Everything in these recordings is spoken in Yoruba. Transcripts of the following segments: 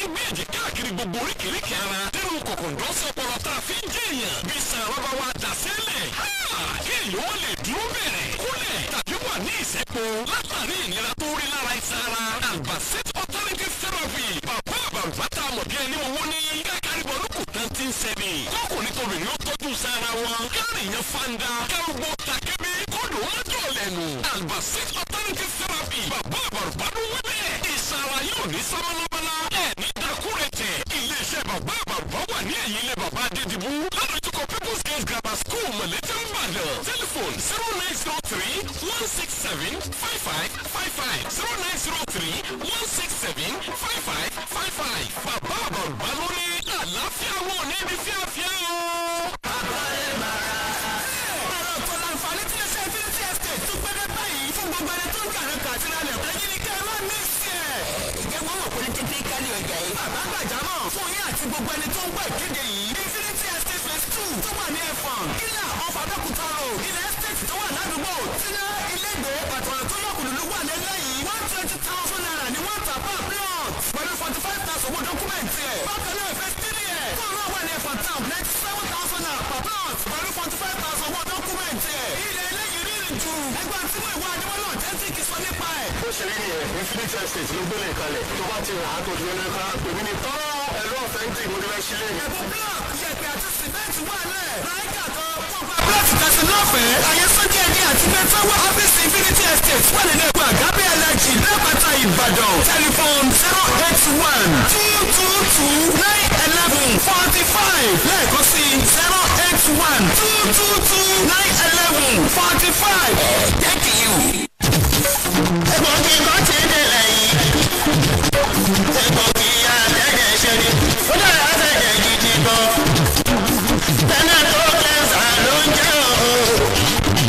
ní méjì káàkiri gbogbo oríkèéríkèé ara nínú kòkòndọ́sí ọpọlọ tá a fi ń jẹ́ èèyàn bí sàn rọ́bà wa dà sílẹ̀ kí èèyàn ó lè dúró bẹ̀rẹ̀ kúlẹ̀ tàbí wà ní ìsẹ́po látàrí ìnira tó rí lára iṣan ara Albacete alternative therapy bàbá àbàbàtà àmọ̀bí ẹni owó ní káàkiri bọ̀ lóko tán ti ń sẹ́ni kọ́kùnrin tó rìn ló tọ́jú sára wọn Mọ̀lẹ́tẹ̀ ń bàdàn. Tẹlifon zero nine zero three one six seven five five five five zero nine zero three one six seven five five five five. Bàbá àbàbà ló tó ṣẹlẹ̀ nìyẹn ní fleet estate ló gbélé kalẹ̀ tó bá ti rà á tó dúró lẹ́ka pèmí ni tọ́ ẹ̀rọ ọ̀fẹ́ntì mo ti fẹ́ sílé mi. ẹ̀bùn block yẹ̀pẹ̀ àti sìmẹ́ǹtì wà lẹ̀ ráìdà kan pọ̀pọ̀ bílọ̀tì kẹsì lọ́fẹ̀ẹ́ àyè sọ́jà ẹni àti bẹ́tẹ̀ wà ọ́fíìsì infinity estate wà nínú ẹgbẹ́ àgábẹ́ ẹlẹ́jì lẹ́pàtà ìbàdàn tẹlifon zero eight one two two two nine eleven forty five lẹ́ẹ̀kan sí zero eight one two two two nine eleven forty five. thank you egbògi kan ti délẹ̀ yìí egbògi àtẹ̀jẹ̀ ṣe ni ó dára àtẹ̀jẹ̀ gidi gan. tẹ́nà tó kẹsà ló ń jẹ́ o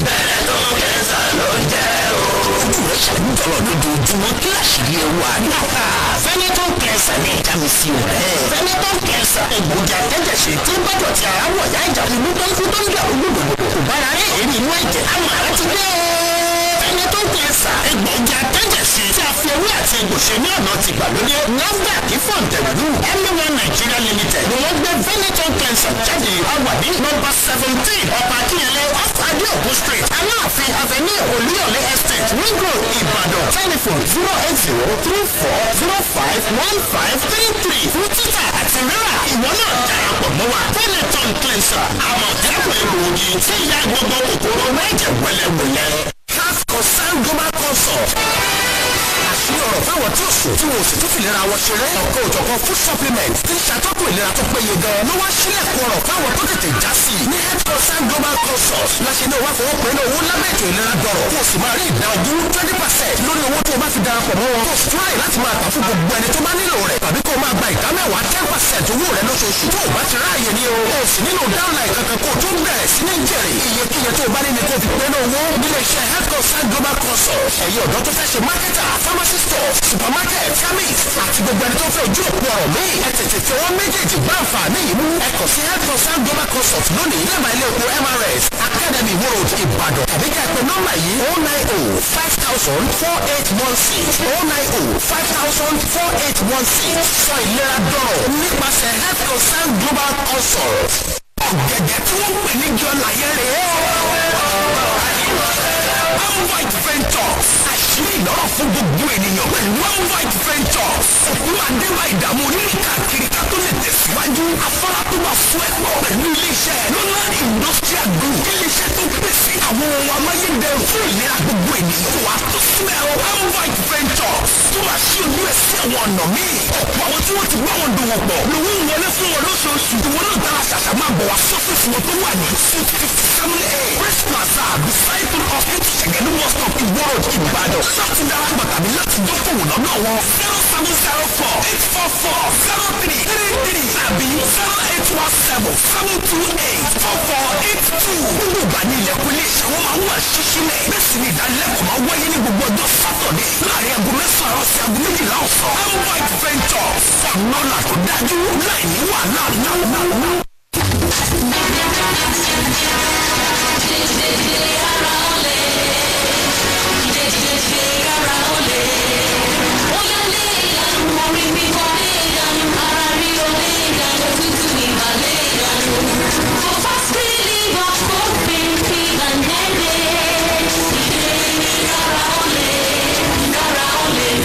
tẹ́nà tó kẹsà ló ń jẹ́ o. ojú rẹ̀ ṣàlùfọ̀ lójoojúmọ́ kí àṣírí ẹ wà nípa. sẹ́nẹ́tọ̀ kẹsà ní ìjàmù sí o rẹ̀. sẹ́nẹ́tọ̀ kẹsà egbògi àtẹ̀jẹ̀ ṣe tí bọ́dọ̀ ti àrà wọ̀ yá ìjà ìlú tó ń kú tó ń gbà olúdòdò kò bára rẹ̀ èrè inú ẹ̀jẹ̀ àmọ́ àti bẹ́ẹ̀ ẹni tó ń pè sà egbògi atẹ́jẹsí tí a fi owó àti egbò ṣe ní ọ̀nà ti gbàlódé NAFDAC fọ̀ǹtẹ̀lú ẹlẹ́wọ̀n Nigeria limited ni wọ́n gbé veneton cleanser jáde awàdí nọ́mbà seventeen ọ̀pá akínyẹlẹ off adeogun street aláàfin avenue olúyọ̀lé estate ring road Ìbàdàn telephone zero eight zero three four zero five one five three three fún títà àti rírà ìwọ náà darapọ̀ mọ́ wa veneton cleanser àmọ̀tẹ́kùn egbòogi tí San Global Consult àṣírí ọ̀rọ̀ fáwọn tí ò sùn tí wọn ò sì tún fìlera wọn ṣeré. ọ̀kan òjọ̀kan food supplement ti ń ṣàtọ́kùn ìlera tó péye gan. ló wá sílẹ̀kùn ọ̀rọ̀ fáwọn tó tètè já sí i. ní health concern global consult láṣẹ ní owó àfọwọ́ pẹ̀lú owó lábẹ́ ètò ìlera dọ̀rọ̀. kó o sì máa rí ìdá ogún twenty percent lórí owó tó o bá fi darapọ̀ mọ́ wọn. kó o sì tún ráyè láti máa tà fún gbogbo ẹni tó bá nílò rẹ̀ tàbí kó o máa gba ìdá mẹ́wàá ten percent owó rẹ̀ lóṣooṣù. tó o bá ti ráàyè ni o. o sì nílò downline kankan kó o tó bẹ̀rẹ̀ sí ní jèrè. iyekíye tó o bá ní ni kó o fi pẹ́ ní owó. nílé iṣẹ́ health concern global consult ẹ̀yin ọ̀dọ́ tó fẹ́ ṣe mákẹ́tà pharmacy store supermarket chemist àti gbogbo ẹni tó fẹ́ ojú òpó ọ̀rọ̀ mi ẹ tètè fi wọ́n méjèèjì gbá àǹfààní yìí mú ẹ kàn sí health consult global consult lónìí lẹ́ẹ̀ma ilé oko mrs academy road ìbàdàn tàbí kí ẹ pè nọ́mbà yìí oh nine oh five thousand four eight one six oh nine oh five thousand four eight one six sọ ìlera dọ̀rọ̀ nípasẹ̀ health consult global consult ọ̀gẹ̀dẹ̀ tí wọ́n pè ní jọlá yẹn rèé. Wemwhite Ventures. Àṣírí ìlọ́rọ̀ fún gbogbo ènìyàn pẹ̀lú Wemwhite Ventures. Òkú Adéwà ìdààmú onílé káàkiri ká tó lè tẹ̀síwájú. Afárá tó bá fún ẹ̀pọ̀ pẹ̀lú iléeṣẹ́ Lọ́nà Industrial Group. Iléeṣẹ́ tó pèsè àwọn ohun amáyédẹrùn fún ìlera gbogbo ènìyàn. Wà á tó fún ẹ o Wemwhite Ventures. Tó bá ṣí ojú ẹ sí àwọn ọ̀nà míì. Ọ̀pọ̀ àwọn tí wọ́n ti gbọ́ wọn dòwò pọ̀ lòun wọlé fún wọn lóṣooṣù. Ìwọ náà dára ṣàṣà máa bọ̀ wá sọ́fíìsì wọn tó wà ní Sweet fifty seven A. Press Plaza beside the hospital ní bus stop ìgboro ìbàdàn láti darapọ̀ tàbí láti dókòwò lọ́dọ̀ wọn. zero seven zero four eight four four zero three three three tàbí zero eight one seven seven two eight four four eight two. gbogbo ìgbà ní ilẹ̀kùn ilé iṣẹ́ wọn máa ń wà ṣíṣílẹ̀ bẹ́ẹ̀ sì ni ìdánilẹ́kọ̀ọ́ máa wáyé ní gbogbo ọjọ́ sátọ̀dẹ̀ láàrin aago mẹ́sàn-án àárọ̀ sí aago méjìlá ọ̀sán. mwite ventures ọ̀nà làkó dájú láì ní wàhálà náà. Dede ara.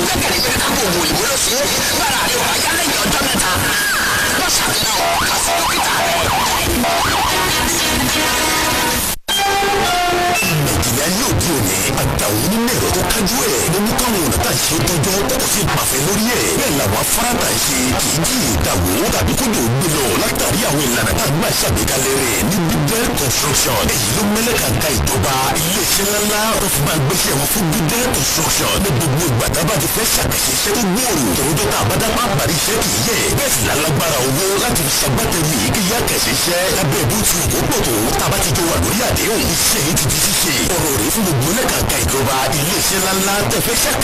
ń jẹ́ kẹ̀lẹ́kẹ̀lẹ́ òní àtàwọn onímọ̀ ẹ̀rọ tó kájú ẹ̀ lóníkàwọn ṣe tọjọ́ tẹ́kọ̀ sí pàfẹ́ lórí ẹ̀ bẹ́ẹ̀ làwọn afárátà ṣe kì í jí tàbí kó lè gbé lọ látàrí àwọn ìlànà tá a gbà ṣàgbékalẹ̀ rẹ̀ ní bíbẹ́ construction èyí ló mẹ́lẹ̀ ká ga ìjọba iléeṣẹ́ ńláńlá tó fi máa gbéṣẹ́ wọn fún bíbẹ́ construction ní gbogbo ìgbà ti fẹ́ ṣàkàṣe iṣẹ́ tó gbòòrò tòótọ́ tá a bá dápá parí iṣẹ́ kì yẹ bẹ́ẹ̀ sì lálágbára owó láti fi ṣàgbátẹ̀lì yìí ti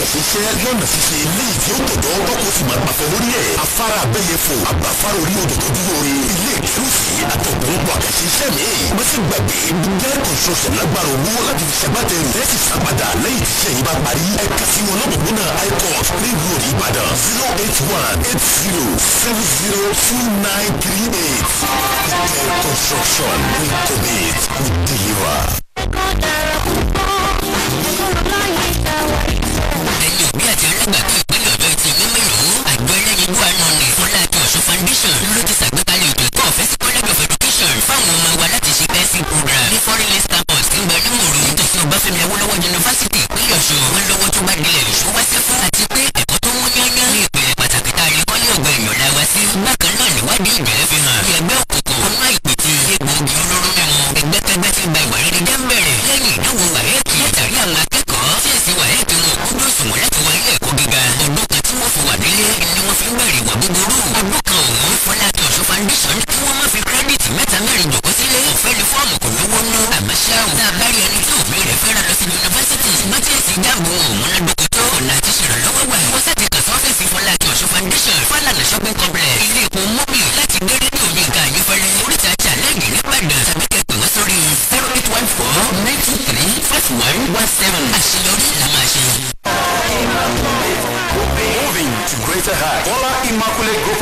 di ṣíṣe ṣiṣẹ́ lọ́nà ṣíṣe eléyìí tí ó tọ̀dọ̀ tọ́kọ̀ fi máa pàfẹ́ lórí ẹ̀ afárá abẹ́yẹfò àgbàfárá orí odò dúró re ilé ìkẹ́rùsì àtọ̀gbọ̀npọ̀ àkàṣe mi má sì gbàgbé bíjẹ́ construction lágbára owó láti fi ṣàgbàtẹ rẹ̀ sì sàpadà lẹ́yìn tí iṣẹ́ bá parí ẹ kà sí wọn lọ́gbọ̀gbọ́nà icos nílùú òní ìbàdàn zero eight one eight zero seven zero two nine three eight bíjẹ́ construction we commit we deliver. àgbà ti ìpínlẹ̀ ọ̀yọ́ ti mímú ìlú àgbẹ̀rẹ̀ ìlú ànọ́nì fọlákẹ́ ọ̀ṣun foundation ló ti sàgbé recognize everything.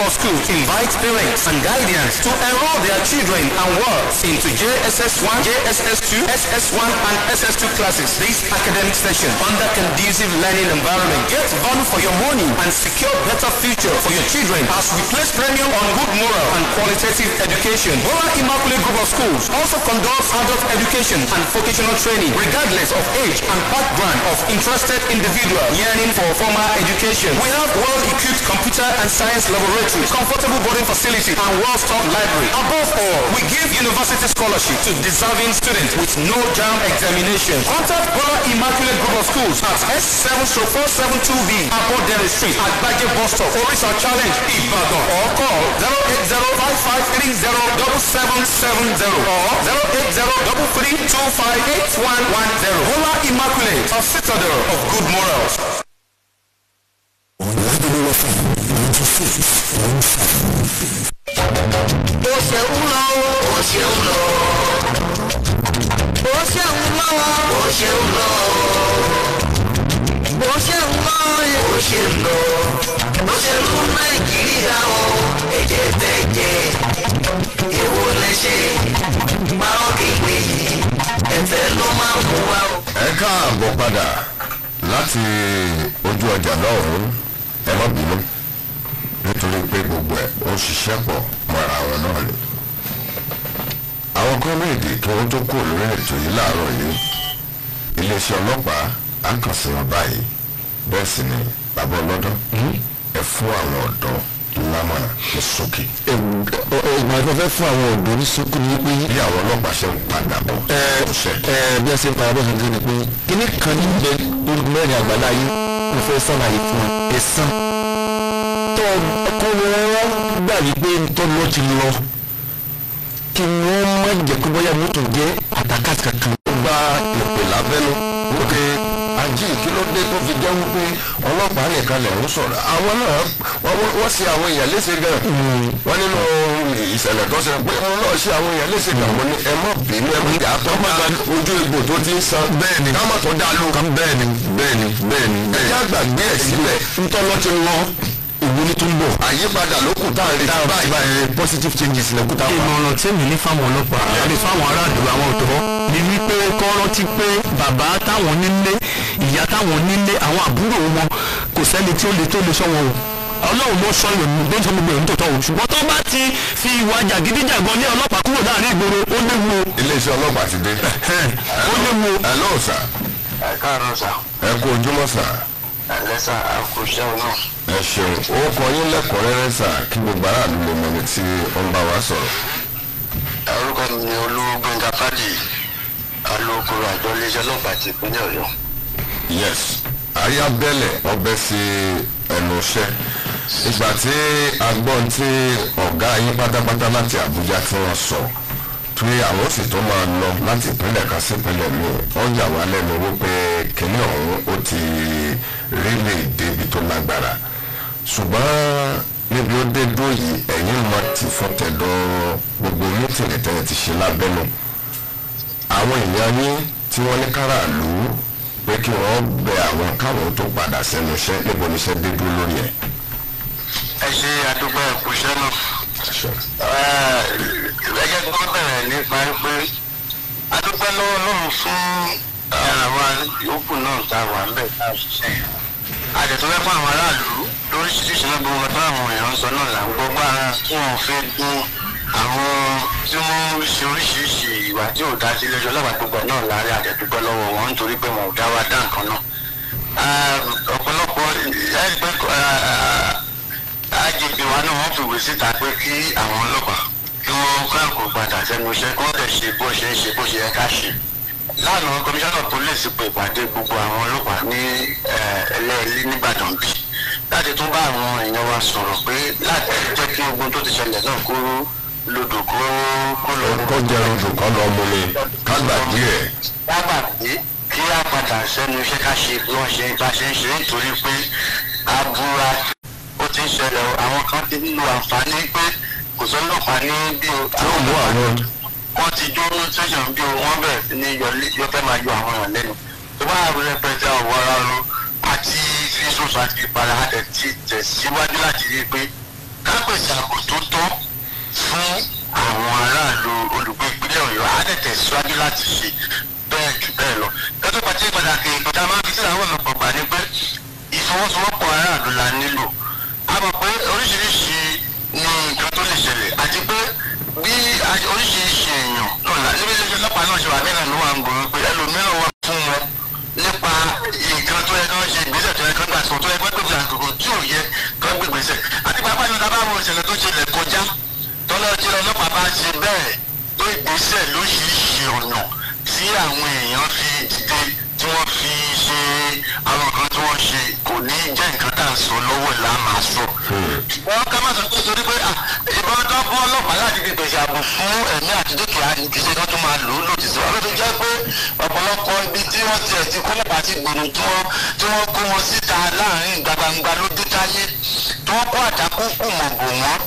for School invites parents and guardians to enroll their children and wards into JSS1, JSS2, SS1 and SS2 classes this academic session under conducive learning environment. Get value for your money and secure better future for your children as we place premium on good moral and qualitative education. Bora Immaculate Group of Schools also conducts adult education and vocational training regardless of age and background of interested individual yearning for formal education. We have well-equipped computer and science laboratories resources, comfortable boarding facility, and well-stocked library. Above all, we give university scholarship to deserving students with no jam examination. Contact Bola Immaculate Group of Schools at S7-472B, Abo Dennis Street, at Baje Bus Stop, our Challenge, Ibadan, or call 08055307770 or 08033258110. Bola Immaculate, a citadel of good morals. fò òun fà. ó ṣe ń lọ ó ṣe ń lọ. ó ṣe ń lọ ó ṣe ń lọ. ó ṣe ń lọ ó ṣe ń lọ. ó ṣe ń lọ nàìjíríà o èdè tẹ̀jẹ̀ èwo lẹ ṣe máa ń kéde yìí ẹ̀fẹ̀ ló máa ń mú wa o. ẹ káàbọ̀ padà láti ojú ọjà lọ́hùn-ún ẹ má bínú nítorí pé gbogbo ẹ̀ ó ṣiṣẹ́ pọ̀ mọ́ra wọn náà lè. àwọn gómìnà tó ń tó kù lórí ètò yìí láàárọ̀ yìí iléeṣẹ́ ọlọ́pàá á kàn sí wọn báyìí bẹ́ẹ̀ sì ni bàbá ọlọ́dọ̀ hmm? ẹ fún àwọn ọ̀dọ́ lámọ̀nà ní sókè. ìgbà tó fẹ́ fún àwọn ọ̀dọ́ ní sókè ni pé. bí àwọn ọlọ́pàá ṣe ń padà bọ̀. ẹ ẹ bí a ṣe ń padà bọ̀ ṣe ń pé kíní kan ní ìgbẹ́ mẹ́rin àgbàlá yìí mo fẹ́ sọ̀rọ̀ àyè fún ẹ sàn kọ́ wọ́n gbà wípé tó lọ ti lọ kí wọ́n má jẹ́ kó bóyá mọ́tò jẹ́ àtàkàtà kan. ó gba ìpè lábẹ́nu wípé ají ló dé tó fi jẹ́ wípé ọlọ́pàá nìkan lè ń sọ̀rọ̀ àwọn náà wọ́n ṣe àwọn èèyàn léṣe gan wọ́n nínú ìṣẹ̀lẹ̀ tó ṣe pé wọ́n náà ṣe àwọn èèyàn léṣe gan wọ́n ní ẹ mọ̀ bínú ẹ mọ̀ dàá tó bá ojú egbò tó ti ń san bẹ́ẹ̀ ni káwọn tó dá lóka bẹ́ẹ̀ ni bẹ́ẹ̀ ni bẹ́ẹ̀ ni ẹ já gbàgbé ní tó ń bọ̀. àyípadà ló kù tá a retí báyìí báyìí positive changes lè kú tá a wà. ìmọ̀ràn tèmi ní fáwọn ọlọ́pàá àti fáwọn aráàlú àwọn ọ̀dọ́ ni wípé kọ́ rántí pé bàbá táwọn nílé ìyá táwọn nílé àwọn àbúrò wọn kò sẹ́ni tí ó le tó le sọ wọn o ọlọ́run ló sọ ìròyìn ló ń sọ gbogbo ìròyìn tó tọ́ o ṣùgbọ́n tó bá ti fi ìwà jàgídíjàgan ní ọlọ́pàá kúrò láàrin ìgboro ó léwu o. iléeṣẹ́ ọlọ́pàá ti dé. ó léwu o. ẹ lọ́ọ̀ sà. ẹ káàárọ̀ sà. ẹ kú ojúmọ́ sà. ẹ lẹ́sà àkùsẹ́ náà ẹ ṣeun orúkọ yín lẹ́kùnrẹ́rẹ́ sà kí gbogbo aráàlú lè mọ̀ ní tí ó ń bá wa sọ̀rọ̀. orúkọ mi ni olówó gbẹ̀ngà fàdí alukoro àjọ iléeṣẹ́ ọlọ́pàá ti ìpínlẹ̀ ọ̀yọ́. yes àríyá bẹ́lẹ̀ ọbẹ̀ sí ẹnu iṣẹ́ ìgbà tí a gbọ́ tí ọ̀gá yín pátápátá láti àbújá tí wọ́n sọ pé àwọn sì tó máa lọ láti ìpínlẹ̀ kan sí ìpínlẹ̀ mi wọ́n yà wá lẹ́nu wípé kínní ọ̀hún ó ti rí lè débi tó lágbára ṣùgbọ́n níbi ó dé dúró yìí ẹ̀yin mọ̀ ti fún tẹ̀dọ̀ gbogbo mítìnì tẹ́lẹ̀ ti ṣe lábẹ́nu àwọn èèyàn yín tí wọ́n ní káràlú pé kí wọ́n bẹ àwọn káwọn tó padà sẹ́nu iṣẹ́ níbo ni iṣẹ́ dé dúró lórí ẹ̀. ẹ ṣe àdúgbò ẹ̀kú iṣẹ́ náà ẹgbẹ́ tó bẹ̀rẹ̀ nípa pé adúgbò lọ́wọ́ fún àwọn yòókù náà tá a wà ń bẹ̀ tá a yẹn àdètò fún àwọn aráàlú lóríṣiríṣi náà gbogbo ọdún àwọn èèyàn sọ náà là ń gbọ́ gbára fún wọn fẹ́ gun àwọn tí wọ́n ṣe oríṣiríṣi ìwà tí ò dá sí ẹjọ́ ọlọ́pàá gbogbo náà láàrin àdètúgbọ́ lọ́wọ́ wọn nítorí pé wọn ò dá wa dá nǹkan náà ah, ọ̀pọ̀lọpọ̀ ẹgbẹ́ ah, agbègbè wa náà wọ́n fìwé síta pé kí àwọn ọlọ́pàá kí wọ́n káàkó padà sẹ́nu iṣẹ́ kí lánàá komisanna police pè pàdé gbogbo àwọn ọlọ́pàá ní ẹlẹ́ẹ̀lì nìbàdàn bí láti tún bá àwọn èèyàn wa sọ̀rọ̀ pé láti jẹ́ kí ogun tó ti ṣẹlẹ̀ náà kó lodò kó lọ. kó jẹ lodò kó lọ mú mi ká gbà díẹ̀. ká kí á padà sẹ́nu iṣẹ́ ká ṣe bí wọ́n ṣe bá ṣe ń ṣe nítorí pé abúra ó ti ń ṣẹlẹ̀ àwọn kan ti ń lo àǹfààní pé kò sọ́lọ́pàá ní bí o. yóò mú àwọn wọ́n ti jó ní sẹ́sàn bí wọ́n bẹ̀rẹ̀ sí ní yọ fẹ́ máa yọ àwọn èèyàn lẹ́nu tó bá rẹpẹtẹ ọ̀wọ́ ara lọ àti fíṣọ́sọ àti ìpara àtẹ ti tẹ̀ síwájú láti rí i pé kápẹ̀sì ààbò tó tọ́ fún àwọn aráàlú olùgbé ìpínlẹ̀ Ọ̀yọ́ àtẹ̀tẹ̀ síwájú láti ṣe bẹ́ẹ̀ jù bẹ́ẹ̀ lọ lọ́tọ́ pàtẹ́ pàtàkì ìgbàdá máa fi àwọn ọ̀pọ̀ gbà ní pé ìfọwọ́sowọ́pọ̀ aráàlú la nílò a mọ̀ pé oríṣiríṣi sì ṣẹlẹ̀ àti pé bí oríṣiríṣi èèyàn náà níbi lọ́pàá náà ṣe wà nílẹ̀ ló wà ń gbòòrò pé ẹlòmíràn wà fún wọn nípa nǹkan tó yẹ kán ṣe ìgbésẹ̀ tó yẹ kán gbà sọ tó yẹ kán gbèsè àkókò tí ò yẹ kán gbègbèsè àti pàápàá ní ọ̀dà àwọn ìṣẹ̀lẹ̀ tó ṣẹlẹ̀ kọjá tọ́lá ti lọ ọlọ́pàá bá ṣe bẹ́ẹ̀ tó ìgbésẹ̀ lóṣìṣì ọ̀nà tí àwọn èèyàn fi dìde tí wọ́n fi ṣe àwọn nǹkan tí wọ́n ṣe kò ní jẹ́ nǹkan tá à ń sọ lọ́wọ́ ẹ̀ láà máa sọ. wọ́n ká má sọ pé torí pé ìbọn tó bọ́ ọlọ́pàá láti fi pèsè ààbò fún ẹ̀mí àti dúkìá ti ṣe kí wọ́n máa lò ó lòdì sí wọn. jẹ́ pé ọ̀pọ̀lọpọ̀ ibi tí wọ́n ti ẹ̀sìn kó lọ́pàá ti gbòòrò tí wọ́n tí wọ́n kó wọn síta láàrin gbàgbàgbà lójú táyé tí wọ́n kó àdákùnkùn mọ̀ bò wọ́n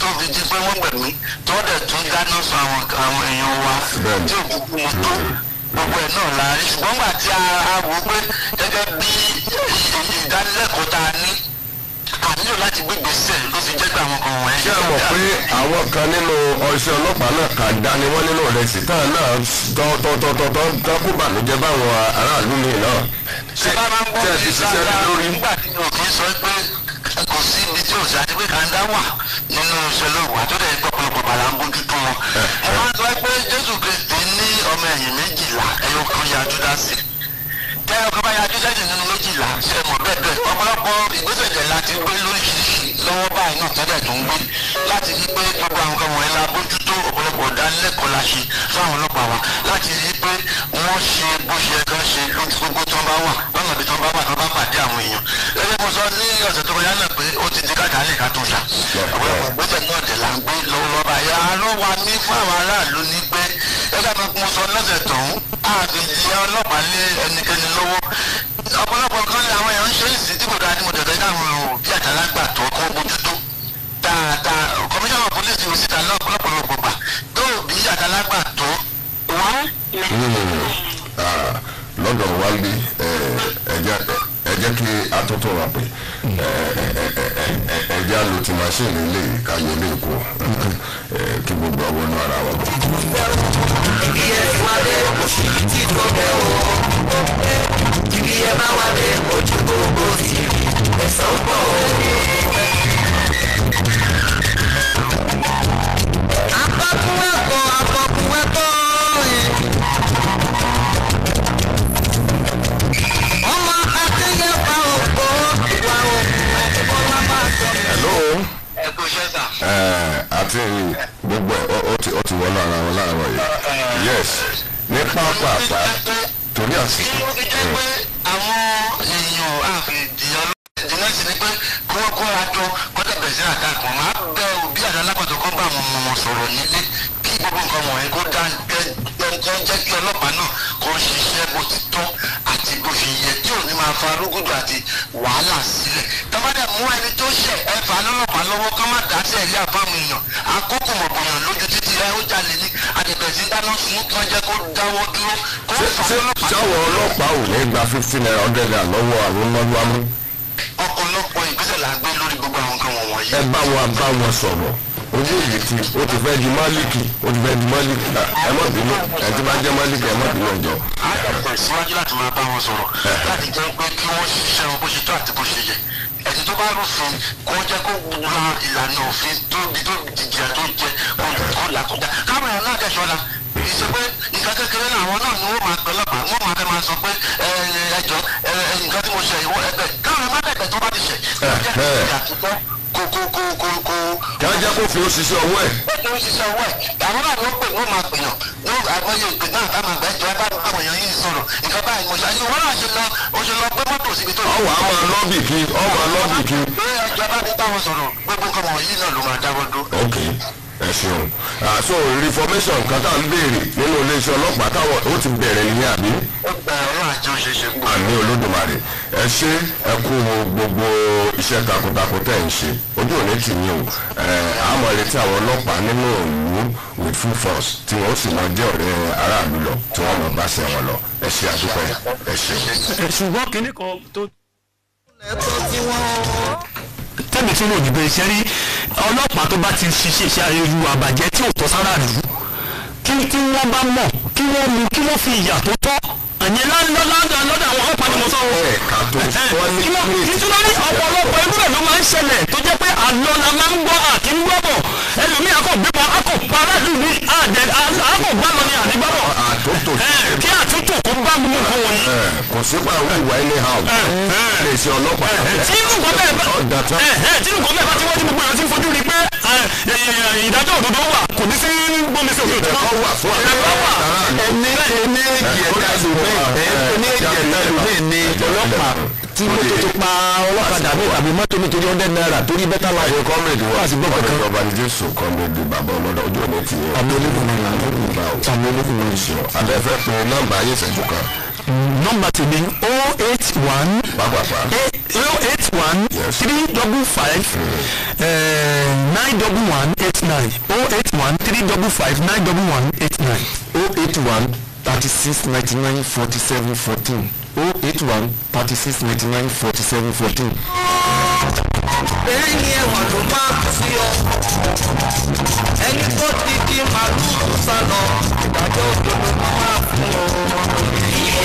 tó fi di pé wọ́n gbẹ̀mí tó dẹ̀ tún dáná sun àwọn èèyàn wa tí òkùnkùn mọ̀ tó gbogbo ẹ̀ náà la rí ṣùgbọ́n gbà tí a wò ó pé gẹ́gẹ́ bí ìdánilẹ́kọ̀ọ́ tá a ní a nílò láti gbégbèsè ló fi jẹ́ pé àwọn kan wọ̀nyẹn. ṣé ẹ mọ̀ pé àwọn kan nínú ọṣẹ ọlọ́pàá náà kà dá ni wọ́n nínú rẹ̀ sí táà náà tọ́tọ́tọ́tọ́ dákú bànújẹ́ báwọn aráàlú mi náà. ṣé ẹ ti ṣiṣẹ́ lórí. nígbà tí kò sí ibi tí òòsà ti pé kàńdá wà nínú ìṣẹlẹ̀wà tó dẹ̀ gbọ́ pọ̀lọpọ̀ bàlá ń bójú tó wọn. Eh, eh. ẹ máa ń sọ pé Jésù Kristi ní ọmọ ẹ̀yìn méjìlá ẹ̀yọ kan ya Júdásì tẹ́ ọkọ̀ bá ya Júdásì nínú méjìlá ṣe mọ̀ bẹ́ẹ̀ bẹ́ẹ̀ ọ̀pọ̀lọpọ̀ ìgbésẹ̀ tẹ̀ láti gbé lóríṣiríṣi lọ́wọ́ báyìí náà tẹ́lẹ̀ tó ń gbé láti fi pé gbogbo àwọn kan wọ̀nyí la bójú ọ̀pọ̀lọpọ̀ ìdánilẹ́kọ̀ọ́ la ṣe fáwọn ọlọ́pàá wa láti rí i pé wọ́n ṣe bó ṣe kán ṣe lójú gbogbo tán bá wà lọ́nà bí tán bá wà tán bá pàdé àwọn èèyàn ẹgbẹ́ mo sọ ní ọ̀sẹ̀ tó kọjá náà pé ó ti di káàkiri àlè ká tó ṣá ọ̀pọ̀lọpọ̀ gbọ́dọ̀ náà dẹ̀ là ń gbé lọ́wọ́lọ́ba yà á rán wa ní fún àwọn aráàlú ní gbé ẹgbẹ́ mi mo sọ lọ́sẹ̀ tọ̀hún ààbì ìyá ọlọ́pàá lé ẹnikẹ́ni lọ́wọ́ ọ̀pọ̀lọpọ̀ kan ní àwọn èèyàn ń ṣe ọ̀pọ̀lọpọ̀ gbà tó bí àgbàlagbà tó. Hmm. Ah, lọ́dọ̀ wálé eh, ẹ jẹ́ kí atótó wa pé ẹ já lo ti machine ilé káyọ̀ eh, lè àti gbogbo ẹ ti wọ lára wọn lára wọn yìí yes ní pápápá torí àsìkò. kí wọ́n fi jẹ́ pé àwọn èèyàn àfìdíyàn lọ́sẹ̀ sí ni pé kí wọ́n kóra jọ kọ́tà bẹ̀rẹ̀ àtàkùn máa bẹ òbí àdá kọ́ bá àwọn ọmọ sọ̀rọ̀ nílé gbogbo nǹkan wọ̀nyí kó dá jẹ́ kí ọlọ́pàá náà kó ṣiṣẹ́ bó ti tọ́ àti bó ṣe yẹ tí ò ní máa fa arúgúdù àti wàhálà sílẹ̀ tọ́mọdé mú ẹni tó ṣẹ̀ ẹ fà á lọ́lọ́pàá lọ́wọ́ ká má dá sí ẹ̀yà fáwọn èèyàn àkókò mọ̀gbọ̀nyàn lójú títí ẹ ó jalè ní àdìbẹ̀ sí dáná sun kí wọ́n jẹ́ kó dáwọ́ dúró kó fà á lọ́lọ́pàá. sáwọn ọlọ́pàá ò ní gba fifteen naira hundred lọ́wọ́ àwọn ọlọ́wàmú ojú èyí ti ó ti fẹ́ di málìkì ó ti fẹ́ di málìkì ẹ má bínú ẹ ti máa jẹ́ málìkì ẹ má bínú ọjọ́. a yà pẹ̀ síwájú láti máa bá wọn sọ̀rọ̀ láti jẹ́ pé kí wọ́n ṣiṣẹ́ wọn bó ṣe tó àti bó ṣe yẹ ẹni tó bá rúfin kó jẹ́ kó wúra ìlànà òfin tó di tó jìjìyà tó jẹ kó là kọjá káwọn èèyàn náà kẹsọ̀ la ìṣe pé nǹkan kékeré náà àwọn náà ni wọ́n máa pẹ̀lọ́pàá wọ́n máa fẹ́ máa sọ pé ẹjọ́ nǹkan tí mo ṣe ìwọ ẹgbẹ́ káwọn ẹ̀ má bẹ̀bẹ̀ tó bá ti ṣe kó jẹ́ kó kó kó kó jẹ́ kó fi ó ṣiṣẹ́ ọwọ́ ẹ̀. ó fi ó àwọn náà ló pè ló máa pè ló àgbọ̀yé ìpè náà bá máa gbẹ́jọ bá àwọn èèyàn yìí sọ̀rọ̀ nǹkan báyìí mo ṣe àyè wọn náà ṣe lọ o lọ gbé mọ́tò síbi tó. ọwọ́ a máa lọ bì kí ọwọ́ a lọ bì kí. lórí ẹjọ́ bá bá wọn sọ̀rọ̀ gbogbo nǹkan wọ̀nyí náà ló máa dáwọ́ dó ẹ ṣeun ah, so reformation kan tá à ń béèrè nínú iléeṣẹ́ ọlọ́pàá táwọn ó ti bẹ̀rẹ̀ ní àbí. ó bẹ̀rẹ̀ náà tí ó ṣe ṣe gbọ́. àmì olódùmarè ẹ ṣe ẹ kú gbogbo iṣẹ́ takuntakun tẹ̀ ń ṣe ojú òní tì yín o àmọ́ retí àwọn ọlọ́pàá nínú ìlú with full force tí wọ́n sì máa jẹ́ ọ̀rẹ́ aráàlú lọ tí wọ́n máa bá ṣe wọn lọ ẹ ṣe àdúpẹ́ ẹ ṣeun. ṣùgbọ́n kinní kan tó. lẹ́tọ̀ tí wọ́n tẹ̀mí tí wọn ò ní bẹ̀rẹ̀ ṣe rí ọlọ́pàá tó bá ti ṣiṣẹ́ iṣẹ́ ariwo àbàjẹ́ tí ò tọ́ sára rú kí tí wọ́n bá mọ̀ kí wọ́n mú kí wọ́n fi ìyà tó tọ́ àyè lọ́dọ̀ lọ́dọ̀ àwọn ọ̀pá ni mo sọ wọn. ìtúlọ́rí ọ̀pọ̀lọpọ̀ ewúrẹ́ ló máa ń ṣẹlẹ̀ tó jẹ́ pé àlọ́ la máa ń gbọ́ à mú fún wọn. kò sí pa àwọn ìwà ilé ha ọ̀gá lè ṣe ọlọ́pàá. tí nǹkan bẹ́ẹ̀ bá tí wọ́n ti gbogbo àwọn tí fojú rí pé ìdájọ́ òdodo wà kò ní sí gbọ́mi sí òdodo mọ́ ẹ̀kọ́ wà fún àwọn ẹni ẹni ìjẹta lùmí ẹni ìjẹta ni ọlọ́pàá tí mọ́tò tó pa ọlọ́kadà mi mọ́tò mi torí ọ̀dẹ́ náírà torí bẹ́tà láì ẹ̀kọ́ méjì wọ́n àti gbọ́kàn kan. ọba jésù kan bàbá ọlọ́dọ̀ ojú ọ̀nà ti yẹ. àmì olókùnrin náà àmì olókùnrin náà. àbẹ̀fẹ́ pé nọ́mbà ayé ìṣẹ́jú kan Number to di o oh eight one o oh eh, oh eight one three double five nine double one eight nine o eight one three double five nine double one eight nine. o eight one thirty six ninety nine forty seven fourteen o eight one thirty six ninety nine forty seven fourteen.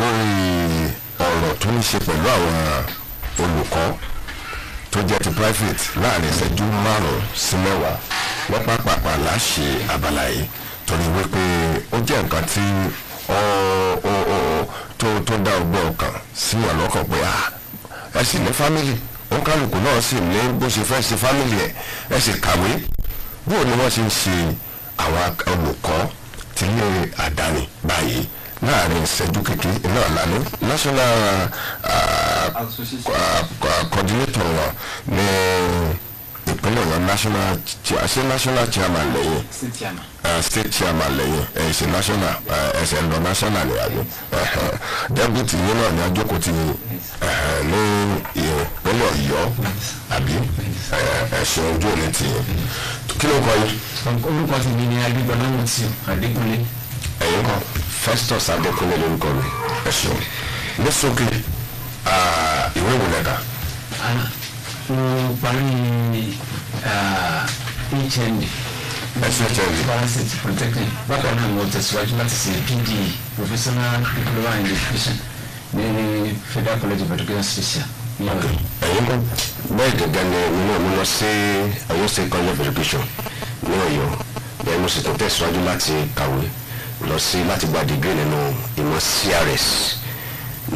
lórí ọ̀rọ̀ tó ní ṣe pẹ̀lú àwọn olùkọ́ tó jẹ́ ti private láàrin ìṣẹ́jú márùn-ún sí mẹ́wàá wọ́n pàápàá láṣẹ abala yìí torí wípé ó jẹ́ nǹkan tí tó dá ọgbọ́n ọkàn sí ọlọ́kàn pé ah, ẹ sì ní family. ó kálukú náà sì ní bó ṣe fẹ́ ṣe family. ẹ̀ ẹ sì kàwé bó ni wọ́n ṣe ń ṣe àwọn olùkọ́ tilé àdáni báyìí láàrin ìṣẹ́jú kékeré náà lálẹ́ national uh, uh, uh, coordinator wọn ní ìpínlẹ̀ wọn national ṣe national chairman lẹ́yìn state chairman lẹ́yìn ẹ̀ṣẹ̀ national ẹ̀ṣẹ̀ lọ national ni àbí deputy yìí náà ni ajókòó ti ní ìpínlẹ̀ ọ̀yọ́ àbí ẹ̀ṣẹ̀ ojú omi ti kí ló kọ yìí. orúkọ tèmi ni adigunlé. ẹ̀yin kan. Festus Adékúnlé lórúkọ mi ẹ ṣeun ní sókè ìwé ìwòlẹ́ka. mo parí hnd SHLD parasite polytechnic bákan náà mo tẹ̀síwájú láti se pd professional diploma in education ní Federal College of Education Special ní ọ̀rẹ́. ẹ̀yin kan bẹ́ẹ̀ gẹ́gẹ́ ni mo náà mo lọ sí àwọn state college of education ní Ọ̀yọ́ bẹ́ẹ̀ mo sì tún tẹ̀síwájú láti kàwé lọ sí láti gba dìgírì nínú ìmọ̀ CRS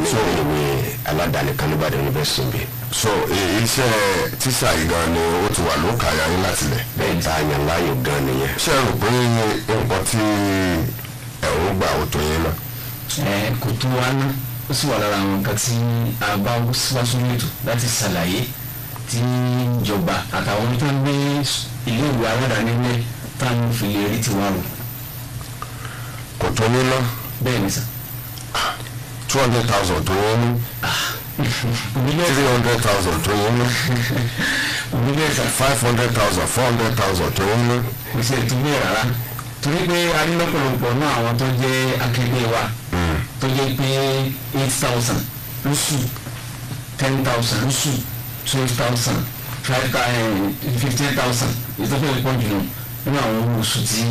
ní ìwé aládàáni kan nígbàdàn university bi. so iṣẹ́ tíṣà yìí gan ni ó ti wà lóòkà yàrá láti lẹ̀. bẹ́ẹ̀ ta àyàn láàyò gan nìyẹn. ṣé o rò pé nǹkan tí ẹ̀rọ gbà ó tó yẹn náà. ẹ kò tó wá ná ó sì wà lára àwọn nǹkan tí a bá wá sórí ètò láti ṣàlàyé tí ìjọba àtàwọn tó ń gbé ilé aládàáni lẹ táwọn fi lè rí tiwa kò tó ní ná. bẹ́ẹ̀ ni two hundred thousand tó yẹn ní. three hundred thousand tó yẹn five hundred thousand four hundred thousand tó yẹn ní. kò sí ètò bẹ́ẹ̀ rárá torí pé a ní lọ́pọ̀lọpọ̀ náà àwọn tó jẹ́ akẹgbẹ́ wa hmm. tó jẹ́ pé eight thousand lóṣù ten thousand lóṣù twelve thousand five thousand eh, fifteen thousand ìtọ́jú ìpọ́njù nínú àwọn oṣù tí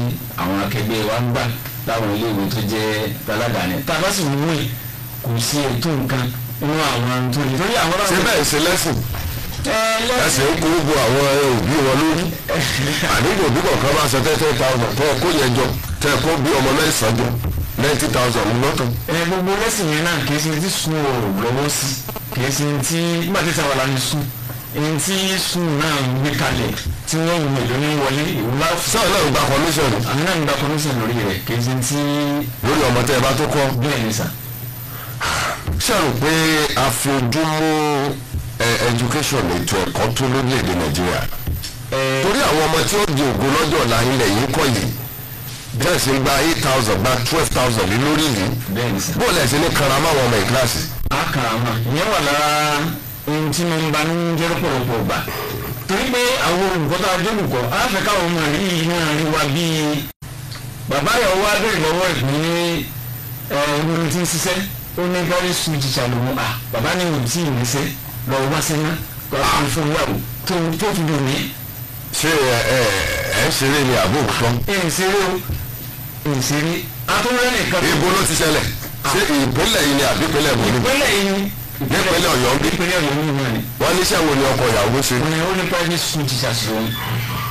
àwọn akẹgbẹ́ wa ń gbà láwọn iléèwé tó jẹ́ aládàáni tá a bá sì wúwo yìí kò sí ètò nǹkan inú àwọn tó lè lórí àwọn ọlọ́run. síbẹ̀ ìṣẹlẹ́sìn ẹsẹ̀ ó kó gbogbo àwọn òbí wọn lórí àdéhùn òbí kọ̀ọ̀kan bá sọ tẹ́tẹ́ thousand tẹ́ kó yẹn jọ tẹ́ kó bí ọmọ mẹ́sàn-án jọ ninety thousand lọ́tọ̀. ẹ gbogbo lẹ́sìn yẹn náà kì í ṣe ti sùn ọ̀rọ̀ lọ́wọ́ sí kì í ṣe ti nígbà tí sábà sùn ẹni tí sùn náà ń gbé kalẹ̀ tí wọ́n wù mí lónìí wọlé ìwúlá. sáà náà gba commission. àwọn náà ń gba commission lórí rẹ̀ kì í ṣe ti. lórí ọmọ tẹ ẹ bá tó kọ. bẹ́ẹ̀ ni sà. ṣé o rò pé a fi ojú education ètò ẹ̀kọ́ tó lórílẹ̀‐èdè nàìjíríà. torí àwọn ọmọ tí ó di ògùn lọ́jọ́ ọ̀la ilẹ̀ yìí kọ́ yìí bẹ́ẹ̀ sì ń gba eight thousand gba twelve thousand lórí yìí. bẹ́ẹ̀ ni sà. bóòlù ẹ̀ sí ní a karama ìyẹn wà lára ohun tí mo ń ba ní jẹ́ lọ́pọ̀lọpọ̀ gbà torí pé àwọn olùkọ́ tó adélùkọ́ aláfẹ́ká àwọn ọmọ rí iná rí wa bíi bàbá yà wá bẹ̀rẹ̀ lọ́wọ́ rẹ̀ pé ohun tí ń ṣiṣẹ́ ó ní bọ́lí sùn jìjà lòun à bàbá ní òun tí ì níṣẹ́ lọ́wọ́ wá sí ná lọ́wọ́ fún wa o tó tó fi dùn mí. ṣé ẹ ẹ ẹ ṣeré ni àbò tán. ẹ ń ṣeré o ń ṣeré. atúnrẹ́ nìkan. ibo ló ti ṣẹlẹ̀ ṣé ah. ìpínlẹ̀ yìí ni àbí ìpínlẹ̀ nípínlẹ̀ ọ̀yọ́ bí wọ́n ní sẹ́wọ̀n ni ọkọ̀ ìyàwó ṣe. ó ní private school teachers lòun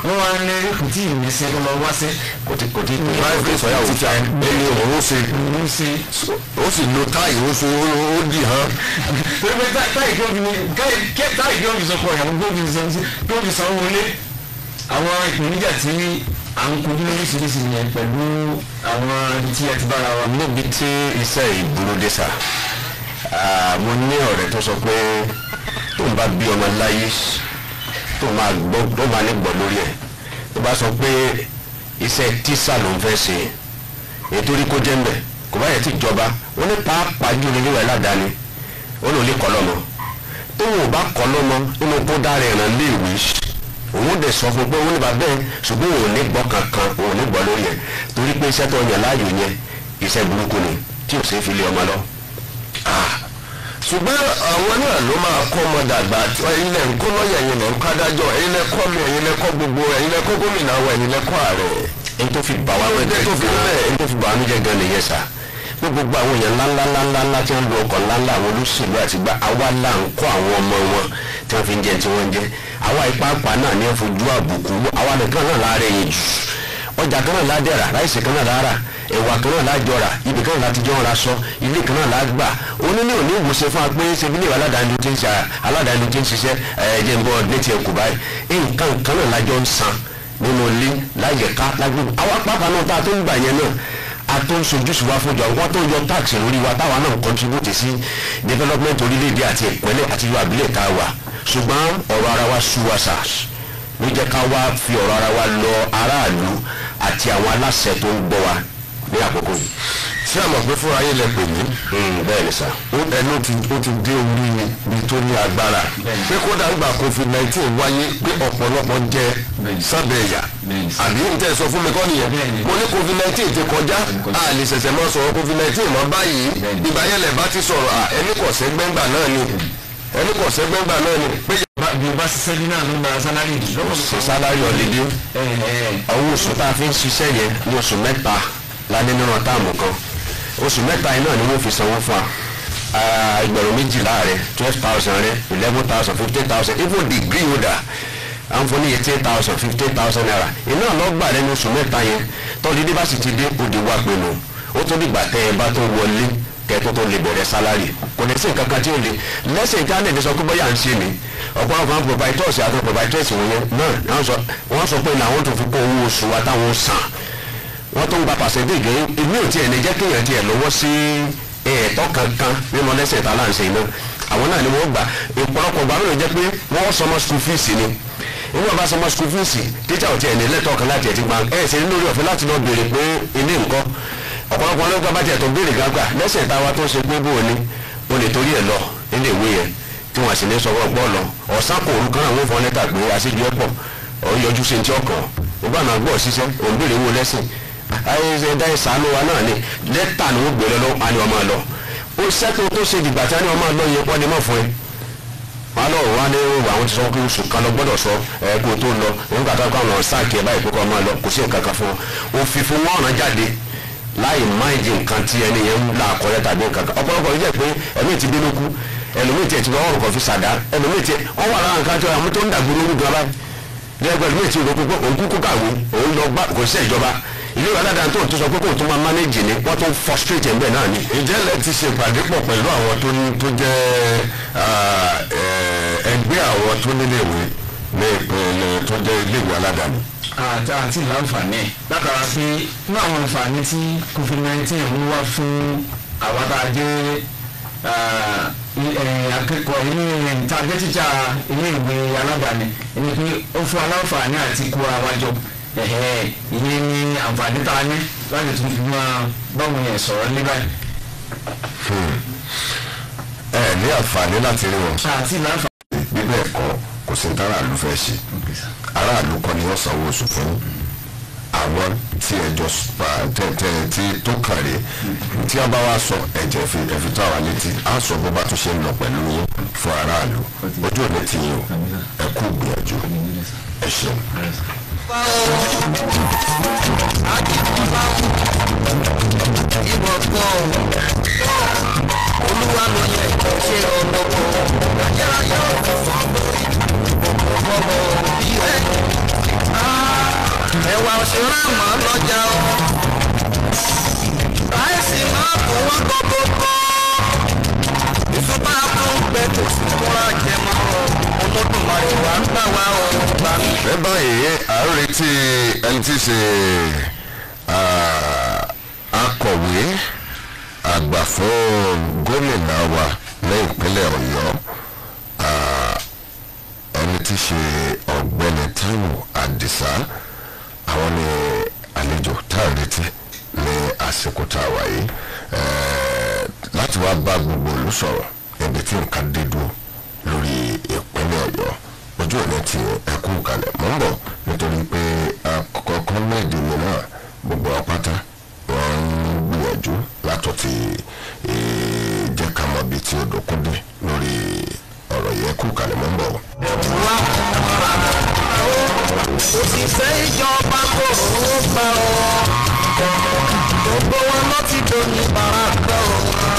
wọ́n wá ní kò tí ì ní sẹ́kọ̀ lọ wá sí kò tí kò tí ì ní private school teacher ẹni òun ṣe ó sì lo táì ó ṣe ó dì hàn. pẹ̀lú táì tó fi táì tó fi sọkọ ìyàwó tó fi sọ tó fi sọ wọlé àwọn ìpèníjà tí à ń kojú lóríṣiríṣi yẹn pẹ̀lú àwọn ibi tí a ti bára wa. níbi tí iṣẹ́ ìgboro dé sá. Ah, mo ní ọ̀rẹ́ tó sọ pé tóun bá bí ọmọ láyé tóun máa gbọ́ tó máa ní gbọ́ lórí ẹ̀ tó bá sọ pé iṣẹ́ tíṣà ló ń fẹ́ ṣe ètò orí kó jẹ́ ń bẹ̀ kò bá yẹ ti jọba ó ní pàápàá jù ní níwáyé ládàáni ó lò lè kọ́ lọ́mọ tóun ò bá kọ́ lọ́mọ nínú kó dára ìràn léèwé òun dẹ̀ sọ fún pé òun ní bàbá ẹ̀ ṣùgbọ́n òun ní gbọ́ kankan òun ní gbọ́ lórí ẹ̀ torí pé iṣẹ́ tó yàn láàyò yẹn iṣẹ́ burúkú ni tí ò sì fi lé ọmọ lọ ṣùgbọ́n àwọn náà ló máa kọ́ ọmọ dàgbà àti ẹ̀yin lẹ́ ń kó lọ́ọ̀yà ẹ̀yin lẹ́ ń kọ́ adájọ́ ẹ̀yin lẹ́ kọ́ mi ẹ̀yin lẹ́ kọ́ gbogbo ẹ̀yin lẹ́ kọ́ gómìnà wa ẹ̀yin lẹ́ kọ́ ààrẹ. n tó fi bà wá lójẹ́ tó fi bẹ́ẹ̀ n tó fi bà wá lójẹ́ gan nìyẹn sá pé gbogbo àwọn èèyàn ńláńláńláńlá tí wọ́n lu ọkọ̀ ńláńlá àwọn olóṣèlú àti gba àwa là ń kọ́ àwọn ọmọ wọn tí wọ́n fi ń jẹ tí wọ́n ń jẹ àwa ìpápá náà ni wọ́n fojú àbùkù àwa nìkan náà láàárẹ̀ yẹn jù ọjà kan náà ládẹ́ra ráìsì kan náà láàárà ẹ̀wà kan náà lájọra ibì kan láti jọ ra sọ ilé kan náà lágbà onílé òní ìwòsàn fún wa pé sebílẹ̀ ìwà aládàáni ti ń ṣe aládàáni ti ń ṣiṣẹ́ ẹ̀jẹ̀ ń bọ̀ létí ẹ̀kú báyìí nǹkan kan náà lájọ ń san nínú ilé láyẹ̀ká lágbègbè àwa pápá náà tá a tó ń gbà yẹn náà a tó ń sojúṣu wa fún ìjọba wọn tó yọ tax lórí wa táwa náà contribute sí development orílẹ̀-èdè àti ìpínlẹ̀ àti ìlú àbílẹ̀ tá a wà ṣùgbọ́n ọ̀rọ̀ ara wa sú wa sars ló jẹ́ ká wá fi ọ̀rọ̀ ara wa lọ aráàlú àti àwọn aláṣẹ tó ń gbọ́ wa ní àkókò yìí tí a mọ̀ pé fúnra yín lẹ pè mí. Hmm, bẹ́ẹ̀ ni sà. ó ẹnu ti ó ti dé orí ibi tó ní agbára pé kódà ń gba covid nineteen wáyé pé ọ̀pọ̀lọpọ̀ jẹ sábẹ́ ẹ̀yà àbí n tẹ́ sọ fún mi kọ́ nìyẹn mo ní covid nineteen ti kọjá a lè ṣẹ̀ṣẹ̀ máa sọ̀rọ̀ covid nineteen mọ́ báyìí ìgbà yẹn lẹ̀ bá ti sọ̀rọ̀ ẹni kọ̀ọ̀sẹ́gbẹ́ngbà náà ni ẹni kọ̀ọ̀sẹ́gbẹ́ngbà náà ni bí o bá ṣiṣẹ́ ní náà ló ń gba sálárì lọ́wọ́. sálárì ọ̀lẹ́dẹ́ owó oṣù tá a fi ń ṣiṣẹ́ yẹn ní oṣù mẹ́ta ládé nínú táàmù kan oṣù mẹ́ta yìí náà ni wọ́n fi sanwó fún wa ẹgbẹ̀rún méjìlá rẹ twelve thousand rẹ eleven thousand fifteen thousand even degree holder àǹfọ̀ní eighteen thousand fifteen thousand naira iná lọ́gbà lẹ́nu oṣù mẹ́ta yẹn tọ́jú dé bá sì ti dé òde wá pinnu ó tó dìgbà tẹ ẹ bá tó wọlé kẹtọ tó lè bẹ̀rẹ̀ sálárì kò ní sí nǹkan kan tí ó le lẹ́sẹ̀ ìtánẹ̀ ní sọ pé bóyá à ń ṣe ni ọ̀pọ̀ àwọn àwọn proprietors àti proprietors wọ̀nyẹn náà wọ́n sọ pé làwọn tó fi kó owó oṣù wa táwọn san wọ́n tó ń gba percentage gan èmi ò tiẹ̀ lè jẹ́ kéèyàn tiẹ̀ lọ́wọ́ sí ẹ̀ẹ̀tọ́ kankan nínú ọlẹ́sẹ̀ tá láǹṣe iná àwọn náà ni wọ́n gbà ìpọ̀lọpọ̀ gbà ló jẹ́ pé wọ́n sọmọ school fees ni nígbà bá sọmọ school fees tíjà ò tiẹ̀ ní lẹ́tọ̀ọ́ kan láti ẹ̀ ti gbà ẹ̀ ṣe lórí ọ̀fẹ́ láti lọ béèrè pé ilé nǹkan ọ̀pọ̀lọpọ̀ ọlọ́gbà bá tiẹ̀ tó béèrè gbàgbà lẹ́sẹ̀ táwa tó ṣe gbogbo òní o lè torí ẹ̀ lọ nílé ìwé yẹn tí wọ́n sì ní sọ wọ́n gbọ́ lọ ọ̀sán kò ẹ̀dá ìsànú wa náà ni lẹ́tà ni wọ́n gbèrè lọ́wọ́ lọ ó tó ṣe dìgbà tí a ọmọ lọ yẹ kọ́ ni mọ̀ fún ẹ wọn lọ wà ní àwọn tí sọ pé oṣù kan lọ sọ ẹ kó tó lọ òun kàtà kó àwọn sáàkì ẹ báyìí ọmọ lọ kò ọ òfin fún wọn ọ̀ràn jáde láì máìjì nǹkan tí ẹni yẹn ń là kọ́lẹ́ tàbí nǹkan kan ọ̀pọ̀lọpọ̀ yìí jẹ́ pé ẹ̀mí ti bínú kú ti kan fi sàdá tiẹ̀ wà tó yà mú tó ń lórí gan ilé ìwé aládàá tó ń sọ pé kò tún máa manage ni wọ́n tún frustrate ẹ̀ńbẹ̀ náà ni. ǹjẹ́ lẹ ti ṣe ìpàdé pọ̀ pẹ̀lú àwọn tó jẹ́ ẹgbẹ́ àwọn tó nílé ìwé ní ìpínlẹ̀ tó jẹ́ ilé ìwé aládàáni. àti àti láǹfààní látara pé ní àwọn àǹfààní tí covid nineteen ń wá fún àwa tá a jẹ́ akẹ́kọ̀ọ́ ilé ìta gẹ́tìjà ilé ìwé aládàáni ẹni pé ó fún aláǹfààní àti kó àwájọ. ihe ní àǹfààní tá a ní láti fi ma báwọn yẹn sọ̀rọ̀ hmm. ẹ ní àǹfààní láti rí wọn. àti láǹfààní. bíbẹ̀ ẹ̀kọ́ kò sí dáràlú fẹ́ ṣe aráàlú kọ́ ni wọ́n sanwó oṣù fún àwọn tí tí tó kàn tí a bá wá sọ ẹ̀jẹ̀ ẹ̀fi tó àwa létí á sọ bó bá tún ṣe ń lọ pẹ̀lú fún ẹ kú gbìyànjú ẹ ṣeun. bá o a kì í bá o ìwọ kọ olúwa ló yẹ ṣe ọlọpọ ayérayé ọkọ sọgbórí ọgbọgbọ bí ẹ ẹwà òṣèré àmọ́ lọ́jà o báyìí máa tún wọ́n gbọ́ gbogbo ìfúnpá tún gbẹ kò sí múra jẹ mọ́. Olódùmarè wà ń gbà wá o gbà mí. ní báyìí à ń retí ẹni tí ṣe akọ̀wé àgbà fún gómìnà wa ní ìpínlẹ̀ Ọ̀yọ́ ẹni tí í ṣe ọ̀gbẹ́ni Taiwo Adisa àwọn ni àlejò tá a retí ní àsìkò tá a wà yìí láti wá bá gbogbo olùsọ̀rọ̀ ibi tí nǹkan dé lórí ìpè. ṣùgbọ́n ojú ọ̀nà ti ẹ̀kú kalẹ̀ mọ́ bọ̀ nítorí pé àkọ́kọ́ kọ́mẹ́ẹ̀dì ni náà gbogbo apáta wọ́n ń gbìyànjú látọ̀ ti jẹ́ ká mọ ibi tí lórí ọ̀rọ̀ yẹn kú kalẹ̀ mọ́ bọ̀. òṣìṣẹ́ ìjọba kò pa ọ́ gbogbo wọn ti bàrà ọ́.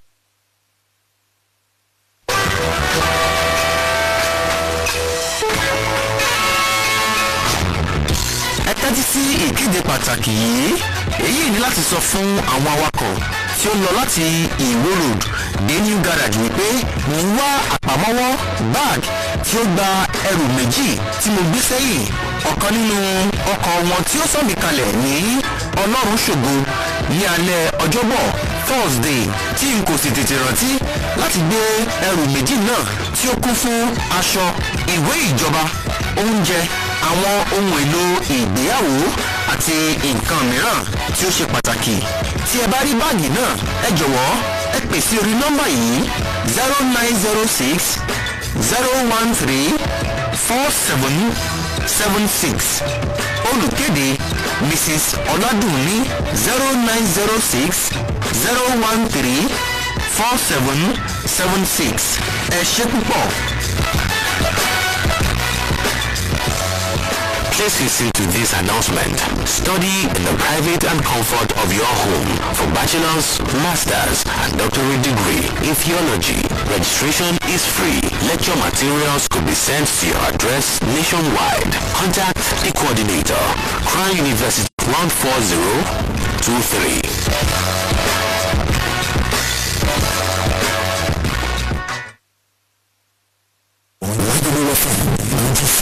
ẹ tẹ́tí sí ìkéde pàtàkì yìí èyí ni láti sọ fún àwọn awakọ̀ tí ó lọ láti Iwo Road dé New Garage wípé mo ń wá àpamọ́wọ́ bag tí ó gba ẹrù méjì tí mo gbé sẹ́yìn ọ̀kan nínú ọkọ̀ wọn tí ó sọ̀mì kalẹ̀ ní Ọlọ́run ṣògo ní alẹ́ ọjọ́bọ̀ Thursday tí n kò sì tètè rántí láti gbé ẹrù méjì náà tí ó kún fún aṣọ ìwé ìjọba oúnjẹ àwọn ohun èlò ìgbéyàwó àti nǹkan mìíràn tí ó ṣe pàtàkì tí ẹ bá rí báàgì náà ẹ jọ̀wọ́ ẹ pè sí orí nọ́mbà yìí zero nine zero six zero one three four seven seven six olùkéde mrs ọládùnní zero nine zero six zero one three four seven seven six ẹ ṣé púpọ̀. Please listen to this announcement. Study in the private and comfort of your home for bachelor's, master's, and doctorate degree in theology. Registration is free. Lecture materials could be sent to your address nationwide. Contact the coordinator, Crown University 14023.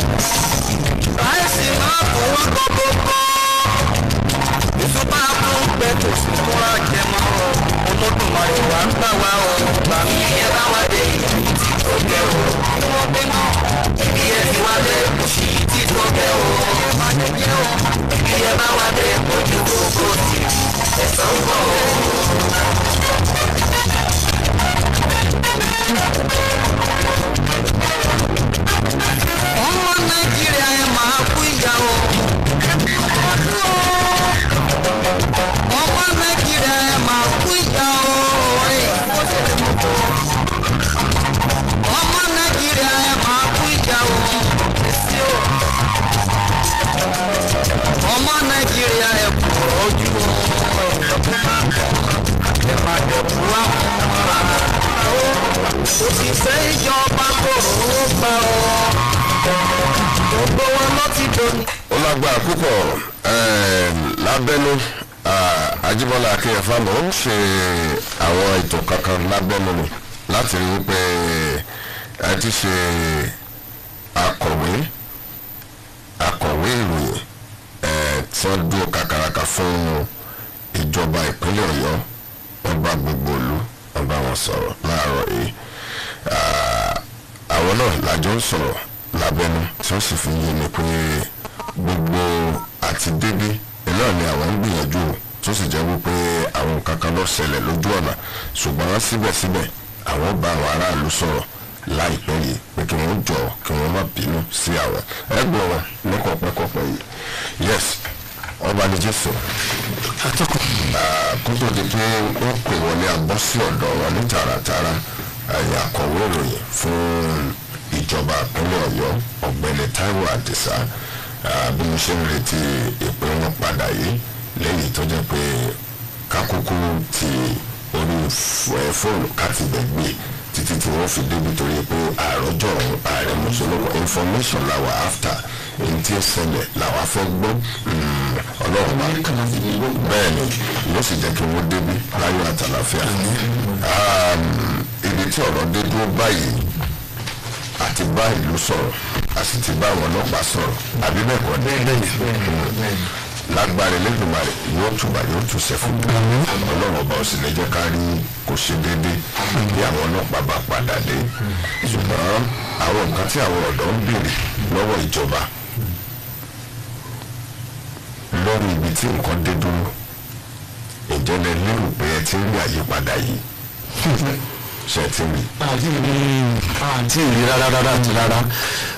báyìí máa fún wọn gbogbo gbọ́ ìfúnpá fún pẹ̀tù tó wá jẹ mọ́ ọ olódùmarè wà ń gbà wá ọ gbà mí ẹ bá wá dé ìlú tí tó gẹ o kí wọ́n gbé náà ibi ẹ ti wá dé kò sí tí tó gẹ o ibi ẹ bá wá dé ojú gbogbo tì ẹ̀sán gbọ́ o. Thank you. òṣìṣẹ́ ìjọba kò rówó pa ọ́ gbogbo wọn lọ ti domi. ó lágbára púpọ̀ eh, lábẹ́nú Ajíbọ́lá Akínyẹ̀fọ́ àmọ́ ó ń ṣe àwọn ètò kankan lágbẹ́nu mi láti rí i pé ẹ ti ṣe akọ̀wé akọ̀wé ìròyìn eh, tí wọ́n dúró kàkàràkà fún ìjọba ìpínlẹ̀ Ọ̀yọ́ wọ́n gbogbo ìlú wọ́n wọn sọ̀rọ̀ láàárọ̀ yìí. Ah, àwọn náà làjọ ń sọ̀rọ̀ lábẹ́nu tí wọ́n sì fi yé mi pé gbogbo àti débí iná ni àwọn ń gbìyànjú tó sì jẹ́ wípé àwọn nǹkan kan lọ ṣẹlẹ̀ lójú ọ̀nà ṣùgbọ́n síbẹ̀síbẹ̀ àwọn bá àwọn aráàlú sọ̀rọ̀ láìpẹ́ yìí pé kí wọ́n jọ kí wọ́n má bínú sí àwọn ẹgbẹ́ wọn lọ́kọ̀ọ́pẹ́kọ̀ọ́pẹ́ yìí yes ọba ni jésù ah, kó tó di pé wọ́n pè wọlé abọ́ sí ọ̀dọ̀ wọn ní tààràtààrà akọ̀wé ìròyìn fún ìjọba ìpínlẹ̀ ọ̀yọ́ ọ̀gbẹ́ni taiwo àdìsá bí mo ṣe ń retí ìpinnu padà yìí lẹ́yìn tó jẹ́ pé kákókó ti orí fóònù káti gbẹ̀gbẹ̀ títí tí wọ́n fi débi torí pé àròjọ ààrẹ mùsùlùmí information làwọn after ní tí ó ṣẹlẹ̀ làwọn afẹ́ gbọ́ hmm, ọlọ́run bá bẹ́ẹ̀ ni ló sì jẹ́ kí wọ́n débi láyọ̀ àtàlàfíà ibi tí ọ̀rọ̀ dé dúró báyìí àti bá ìlú sọ̀rọ̀ a sì ti bá àwọn ọlọ́pàá sọ̀rọ̀ àbí bẹ́ẹ̀ kọ́ ni lágbára Elédùmarè yóò túbà yóò tún ṣe fún mi ọlọ́run ọba òsì lè jẹ́ ká rí kò ṣe déédéé bí àwọn ọlọ́pàá bá padà dé ṣùgbọ́n àwọn nǹkan tí àwọn ọ̀dọ́ ń béèrè lọ́wọ́ ìjọba lórí ibi tí nǹkan dé dúró ǹjẹ́ lẹ lérò pé ẹ ti ń rí àyípadà yìí ṣètì mi. àti ìrírí rárá rárá àti rárá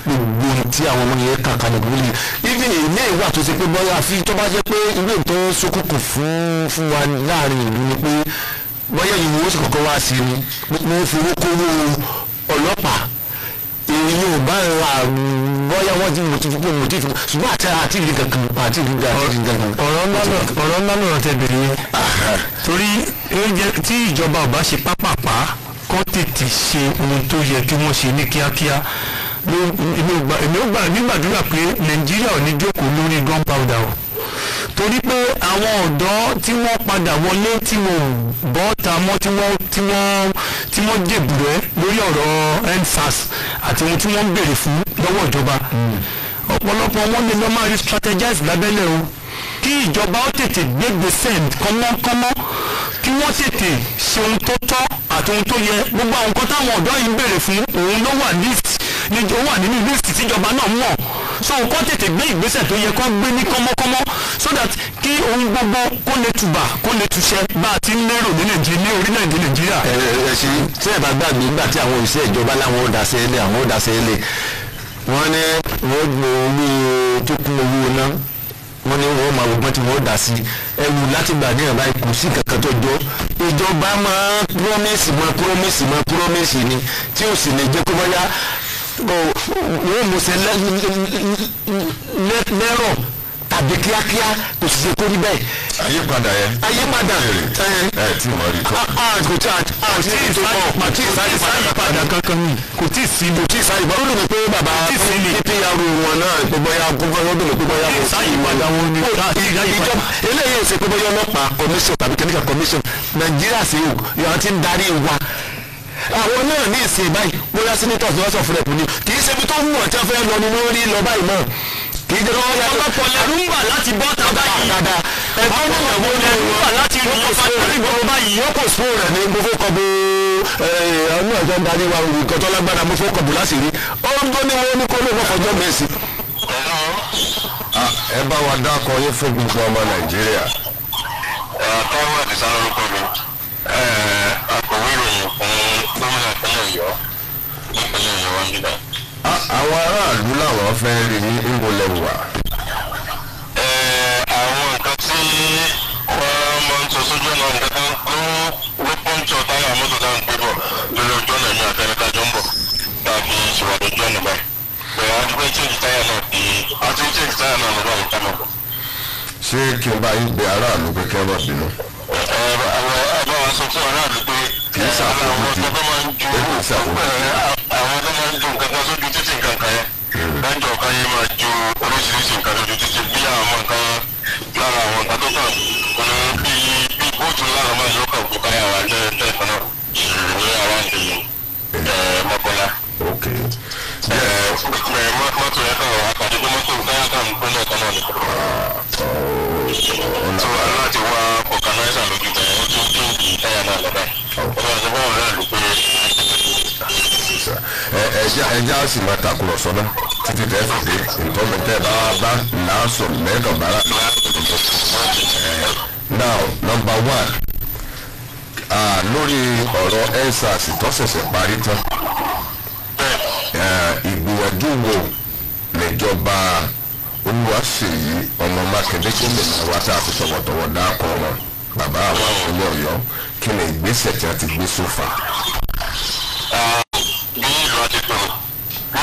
gbogbo tí àwọn ọmọ yẹn kàkà lè gbólé ibi ilé ìwà tó ṣe pé bóyá àfi tó jẹ́ pé ìwé ìtọ́ sókùnkùn fún fún wa láàrin ìlú ni pé bóyá ìwé oṣù kọ̀ọ̀kan wá sí ni mo fowó kówó ọlọ́pàá èyí ò bá ń ra bóyá wọ́n ti mú ti fún mi ti fún ṣùgbọ́n àti àti ìlú kankan àti ìlú kankan. ọ̀rọ̀ ńlá ọ̀rọ̀ ńlá tẹ̀ bẹ̀rẹ̀ yẹn torí tí ìjọba ò ṣe pápá pa kọ́ tètè ṣe ohun tó yẹ kí wọ́n ṣe ní kíákíá èmi ó gbà nígbàdúrà pé nàìjíríà ò ní jókòó lórí gunpowder o torí pé àwọn ọ̀dọ́ tí wọ́n padà wọlé tí wọ́n bọ́ ta mọ́ tí wọ́n tí wọ́n tí wọ́n dèbùrẹ́ lórí ọ̀rọ̀ endsars àti ohun tí wọ́n ń béèrè fún lọ́wọ́ ìjọba ọ̀pọ̀lọpọ̀ wọn lè lọ máa rí strategize lábẹ́lẹ̀ o kí ìjọba ó tètè gbégbèsè kánmọ́kánmọ́ kí wọ́n tètè ṣe ohun tó tọ́ àti ohun tó yẹ gbogbo àwọn nǹkan táwọn ọ̀dọ́ yìí ń béèrè fún òun ló wà list ó wà nínú list tíjọba náà mọ̀ so kọ́ tètè gbé ìgbésẹ̀ tó yẹ kọ́ gbé ní kọ́mọ́kọ́mọ́ so that kí ohun gbogbo kó lè tùbà kó lè túṣẹ bá a ti ń lérò ní nàìjíríà ní orílẹ̀-èdè nàìjíríà. ẹ ẹ ṣe tí ẹ bá gbàgbé nígbà tí àwọn òṣìṣẹ́ ìjọba láwọn ò dá àwọn ò dá wọ́n ní wọ́n gbọ́ owó tó kún owó náà wọ́n ní wọ́n máa wọ́n ti wọ́n dà sí ẹrù láti gbà ní àbáyé kò sí kankan tó jọ ìjọba máa promise máa promise máa promise ni tí ò sì lè jẹ́ kó báyà wọ́n mú sẹ́ lẹ́rọ̀ tàbí kíákíá kò sì ṣe kó rí bẹ́ẹ̀. àyípadà yẹn. àyípadà ẹ tí mo rí tó. kò tí kò tí ì tó kò tí ì sáyípadà kankan mi kò tí ì kò tí ì sáyípadà ó pé bàbá ppr wọn náà pé bóyá gbogbo ó dùnmí pé bóyá wọn. ni ìjọba eléyìí ò ṣe pé ọlọ́pàá commission tàbí kẹ́míkà commission nàìjíríà sí ìyàwó tí ń darí wa àwọn náà ní ìsìn báyìí bóyá senators ni wọ́n ẹ̀kú ni kì í ṣe ibi tó wù ọ́ tí fẹ́ lọ ni lórí lọ báyìí náà kì í jẹ́ lọ́wọ́ yàtọ̀ ọ̀pọ̀lọpọ̀ lẹ́rúmbà láti bọ́ ta báyìí ẹ̀gbọ́n náà wọ́n lẹ́rúmbà láti rúbọ̀ báyìí ah, gbogbo báyìí yóò kò sùn lórúkọ mi akọ̀wé ìròyìn fún gómìnà ìpínlẹ̀ ọ̀yọ́ nípínlẹ̀ ọ̀yọ́ wájú náà àwọn aráàlú làwọn fẹ́ rí ní ìmọ̀lẹ̀ wà. àwọn nǹkan tí wọ́n máa ń sọ sójú ọ̀nà nǹkan tó ló pọ́ńtò táyà mọ́tò tá à ń gbé bọ̀ lórí ọjọ́ ọ̀nà ẹ̀mí àtẹnudá jọ ń bọ̀ tàbí ìṣòro ọjọ́ ọ̀nà báyìí bẹ̀rẹ̀ àdúgbò ìṣèjì táyà náà kì í àti ìṣèjì táyà náà lọ́wọ́ àwọn táwọn. ṣé kí n bá yín gbé aráàlú pé kí wọ́n bá bínú. àwọn àbáwọn sọ fún aráàlú pé kì í ṣàkóso ń ju nǹkan kan sójú títì nǹkan kan yẹn lẹ́yìn ọ̀kan yẹn máa ju oríṣiríṣi nǹkan sójú títì bí àwọn nǹkan lára àwọn nǹkan tó kàn kún bí bí bóòtù lára máa yọ kàn kó káyà wá lẹ́ẹ̀kan náà ní àwọn ìdílé mọ́kànlá. mọ́tò yẹn kàn wá pàdé pé mọ́tò káyà kàn ń pínlẹ̀ kan náà ni. tó aláàtí wá ọ̀kanáísà lójú bẹ̀rẹ̀ ó tún tún kì í káyà náà lọ́dà. ọ̀dọ́ àti bọ́ọ̀ náà ló pé ẹja sì máa takùrọ̀sọ náà títí tẹ́ fi dé ìtọ́mẹtẹ́ bá bá làásùn mẹ́dọ̀ bára. now number one lórí ọ̀rọ̀ ensars tó parí tán ìgbìyànjú wo níjọba Olúwaṣèyí ọmọ Mákindé gómìnà tá a fi bàbá àwọn ọmọ kí ni tí a ti gbé sófà. bá ti pè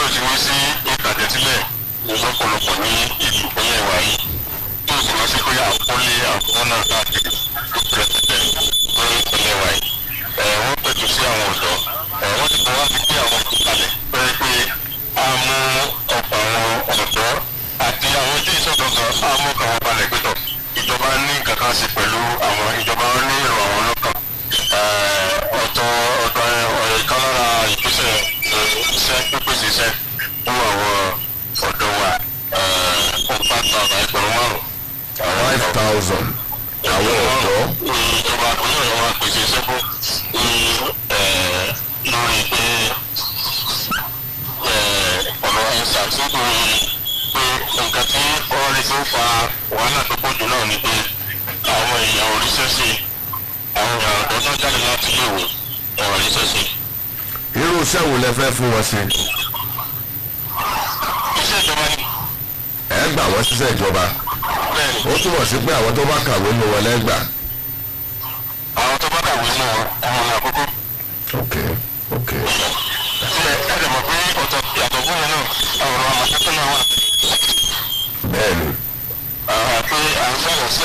o ti wọ́n sí ìtàjẹsílẹ̀ lọ́pọ̀lọpọ̀ ní ìlú ìpínlẹ̀ wa yìí tó o sì wọ́n sí pé àkọlé àkọ́nà káàkiri tó pẹ̀lẹ́pẹ̀lẹ́ lórí ìpínlẹ̀ wa yìí ẹ̀ wọ́n pẹ̀tù sí àwọn ọ̀dọ́ ẹ̀ wọ́n ti bọ́ wá sí pé àwọn ọ̀dọ́ kalẹ̀ pẹ́ẹ́ pé a mú ọ̀pọ̀ àwọn ọ̀dọ́ àti àwọn ilé ìsọ̀tọ̀tọ̀ a mú kàwọn balẹ̀ gbẹ́tọ̀ ìjọba ní nǹkan kan ṣe pẹ̀lú àwọn ìjọba ní ìrọ̀ àwọn ọlọ́kàn ọ̀tọ̀ ọ̀dọ̀ iṣẹ́ pípèsè iṣẹ́ fún àwọn ọ̀dọ́ wa fún five thousand ẹgbẹ̀rún márùn. five thousand àwọn ọ̀dọ́. ìjọba àkójọ ìjọba pèsè iṣẹ́ fún eh, lórí pé eh, ọ̀rọ̀ ẹ̀sà tó lórí pé nǹkan tí wọ́n rí tó fa wàhálà tó pọ̀ jù náà ni pé àwọn èèyàn ò ríṣẹ́ sí àwọn èèyàn ọ̀dọ́ tó jáde láti ilé ìwé wọn ò ríṣẹ́ sí irú iṣẹ́ lẹ fẹ́ fún wọn ṣe. ẹ gbà wọ́n ṣiṣẹ́ ìjọba. ó túmọ̀ sí pé àwọn tó bá kàwé ló wọlé gbà. àwọn tó bá kàwé ló wọn ní àkókò. ok ok. ẹ ẹ lè mọ̀ pé ọ̀tọ̀ yàtọ̀ fún mi náà ọ̀rọ̀ àmọ̀tẹ́kùn náà wà. bẹ́ẹ̀ni. àwọn àpé à ń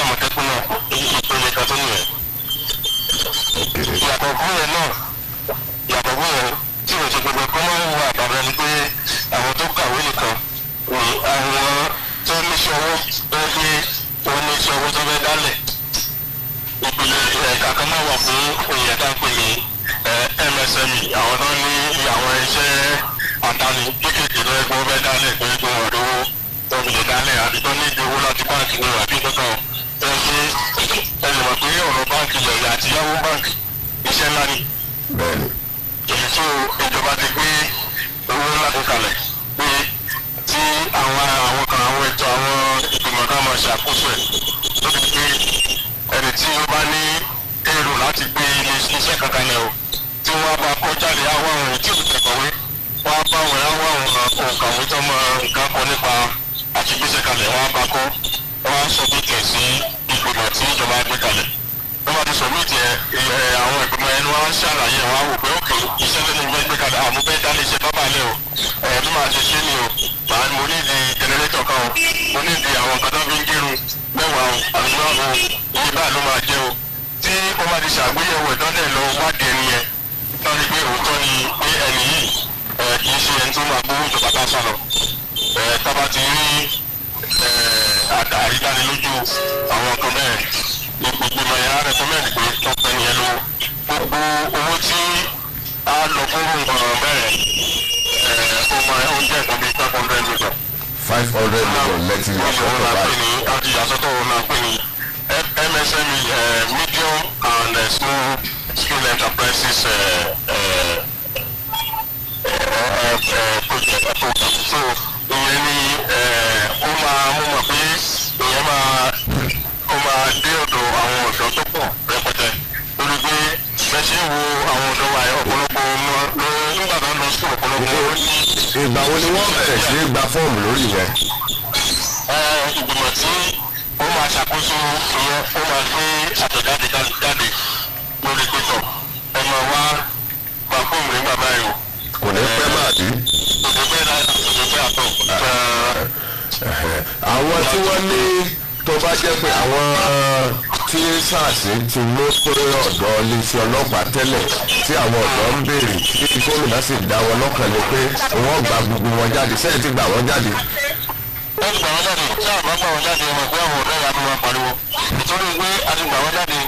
ti mú kórè ọ̀dọ́ iléeṣẹ́ ọlọ́pàá tẹ́lẹ̀ tí àwọn ọ̀dọ́ ń béèrè tí gómìnà sì dá wọn lọ́kàn ní pé wọ́n gba gbogbo wọn jáde sẹ́yìn ti gbà wọ́n jáde. wọ́n ti gbà wọ́n jáde tí àwọn bá gbà wọ́n jáde wọn pé àwọn ọ̀dọ́ ìyàwó wọn pariwo nítorí pé a ti gbà wọ́n jáde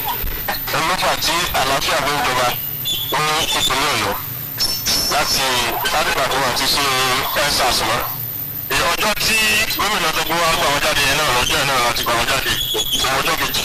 ọlọ́pàá tí àlàáfíà ló ń jọba ní ìpínlẹ̀ ọ̀yọ́ láti látìgbà tó wà ti ṣe ẹ́sàs mọ́ ọjọ́ tí gómìnà tó gbówá gbà wọ́n jáde yẹn náà lọ́jọ́ náà láti gbà wọ́n jáde ọjọ́ kejì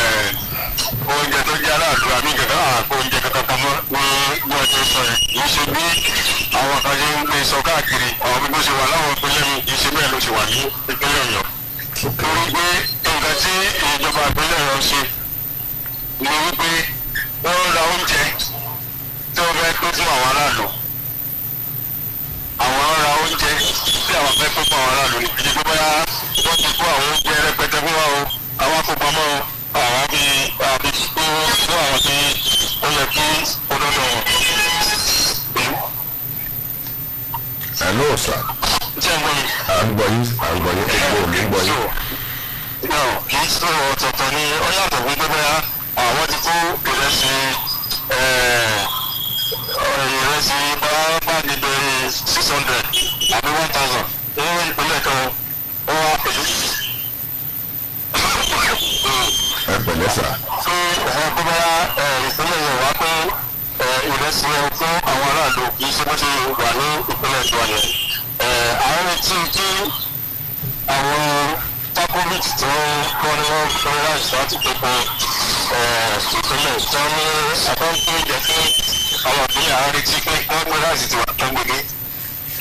oúnjẹ tó jẹ́ aláàdúrà ní kankan àpò oúnjẹ kankan kan mọ́ ní bí wọ́n ti ń sọ yẹn kì í ṣe bí àwọn kan ṣe ń gbé sọ káàkiri àwọn bí wọ́n ṣe wà láwọn ìpínlẹ̀ mi kì í ṣe bẹ́ẹ̀ ló ṣe wà ní ìpínlẹ̀ ọ̀yọ́ torí pé nǹkan tí ìjọba ìpínlẹ̀ ọ̀yọ́ ṣe ni wípé wọ́n ra oúnjẹ tí wọ́n fẹ́ pín fún àwọn aráàlú àwọn ra oúnjẹ tí àwọn fẹ́ pé fún àwọn akópamọ́ àwọn bí àbí pé fún àwọn tí ó yẹ kí olódò wọn. Hello sir. Ṣé ń gbọ́ mi? À ń gbọ́ yín, à ń gbọ́ yín, ègbò mi ń gbọ́ yín. Náà kì í sọ̀rọ̀ ọ̀tọ̀ọ̀tọ̀ ni ó yàtọ̀ fún pẹ́pẹ́ á àwọn ti kó ìrẹsì ìrẹsì bá bá di bẹ̀rẹ̀ six hundred àbí one thousand ní ìpínlẹ̀ kan wọ́n ẹ pẹ̀lẹ́ sà. ṣé eh, eh, eh, ẹ kó bá ìpínlẹ̀ yẹn wá pé ìrẹsì ẹ fún àwọn aráàlú kì í ṣe bó ṣe wà ní ìpínlẹ̀ tiwa yẹn àwọn retí kí àwọn takovic tí wọ́n ní wọ́n fẹ́ láì sọ àti pẹ̀pẹ̀ ìpínlẹ̀ tí wọ́n ní àbáńkì jẹ́ kí àwọn ìpínlẹ̀ àwọn retí pé wọ́n pẹ́ láì ti wà tó gbélé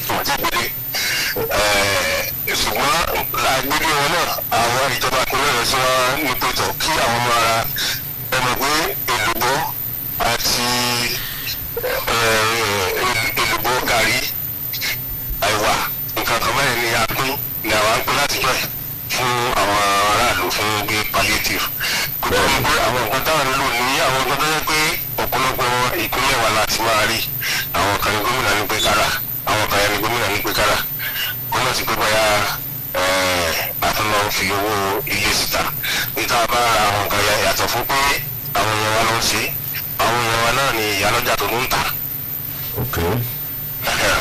tó wà tó gbélé. Eh, ṣùgbọ́n àgbébí wọn náà àwọn ìjọba ìpínlẹ̀ rẹ̀ tí wọ́n ní pẹ̀tọ̀ kí àwọn ọmọ ara ẹ mọ̀ èlùbọ́ àti eh, èlùbọ́ gàrí àìwà nǹkan kan báyìí ni a pín ní àwọn àpín láti pẹ̀ fún àwọn aráàlú fún bí palliative kò tó ń gbé àwọn nǹkan táwọn lò ní àwọn nǹkan tó yẹ pé ọ̀pọ̀lọpọ̀ ìpínlẹ̀ wa láti máa rí àwọn kan ní gómìnà. fi owó ilé síta níta bá ara àwọn nǹkan yàtọ̀ fún pé àwọn èèyàn wa ló ń ṣe àwọn èèyàn wa náà ni ìyálọ́jà tó ń tà.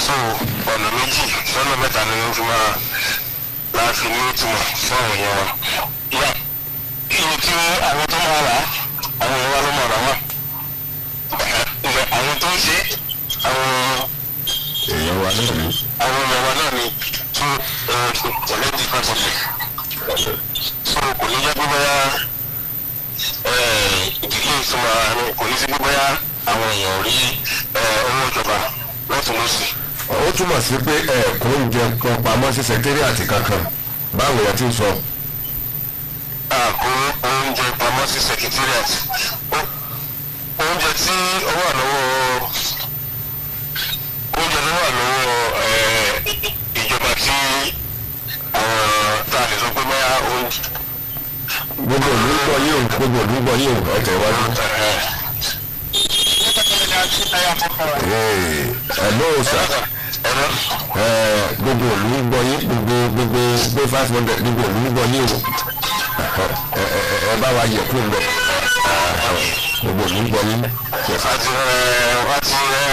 so ọ̀nà méjì lọ́nà mẹ́ta ni wọ́n fi máa láti ní ìtumọ̀ fún àwọn èèyàn wa. ìyá iye tí àwọn tó máa rà àwọn èèyàn wa ló máa rà wọ́n. àwọn tó ń ṣe àwọn èèyàn wa náà ni. àwọn èèyàn wa náà ni tún ọ̀lẹ́dì pàtàkì so kò ní jẹ́ pé bóyá eh, ìdílé ìsúnmọ́ ara mi kò ní sí pé bóyá àwọn èèyàn rí eh, owó ìjọba lọ́tún lọ́sì. ó túmọ̀ sí pé ẹ̀ẹ̀kún eh, oúnjẹ kan pamọ́ sí sẹkẹ́rìàtì kankan báwo yẹn ti ń sọ. àkó oúnjẹ pamọ́ sí sẹkẹ́rìàtì oúnjẹ tí ó wà lọ́wọ́ oúnjẹ tó wà lọ́wọ́ ìjọba tí àwọn gbogbo ìlú ń gbọ́ gbogbo ìlú ń gbọ́ yìí o ọ̀tẹ̀ iwájú. òòsà gbogbo ìlú ń gbọ́ gbogbo gbogbo gbé five hundred gbogbo ìlú ń gbọ́ ẹ bá wa yẹ kó ń bọ̀ gbogbo yìí ń bọ yín. àti àti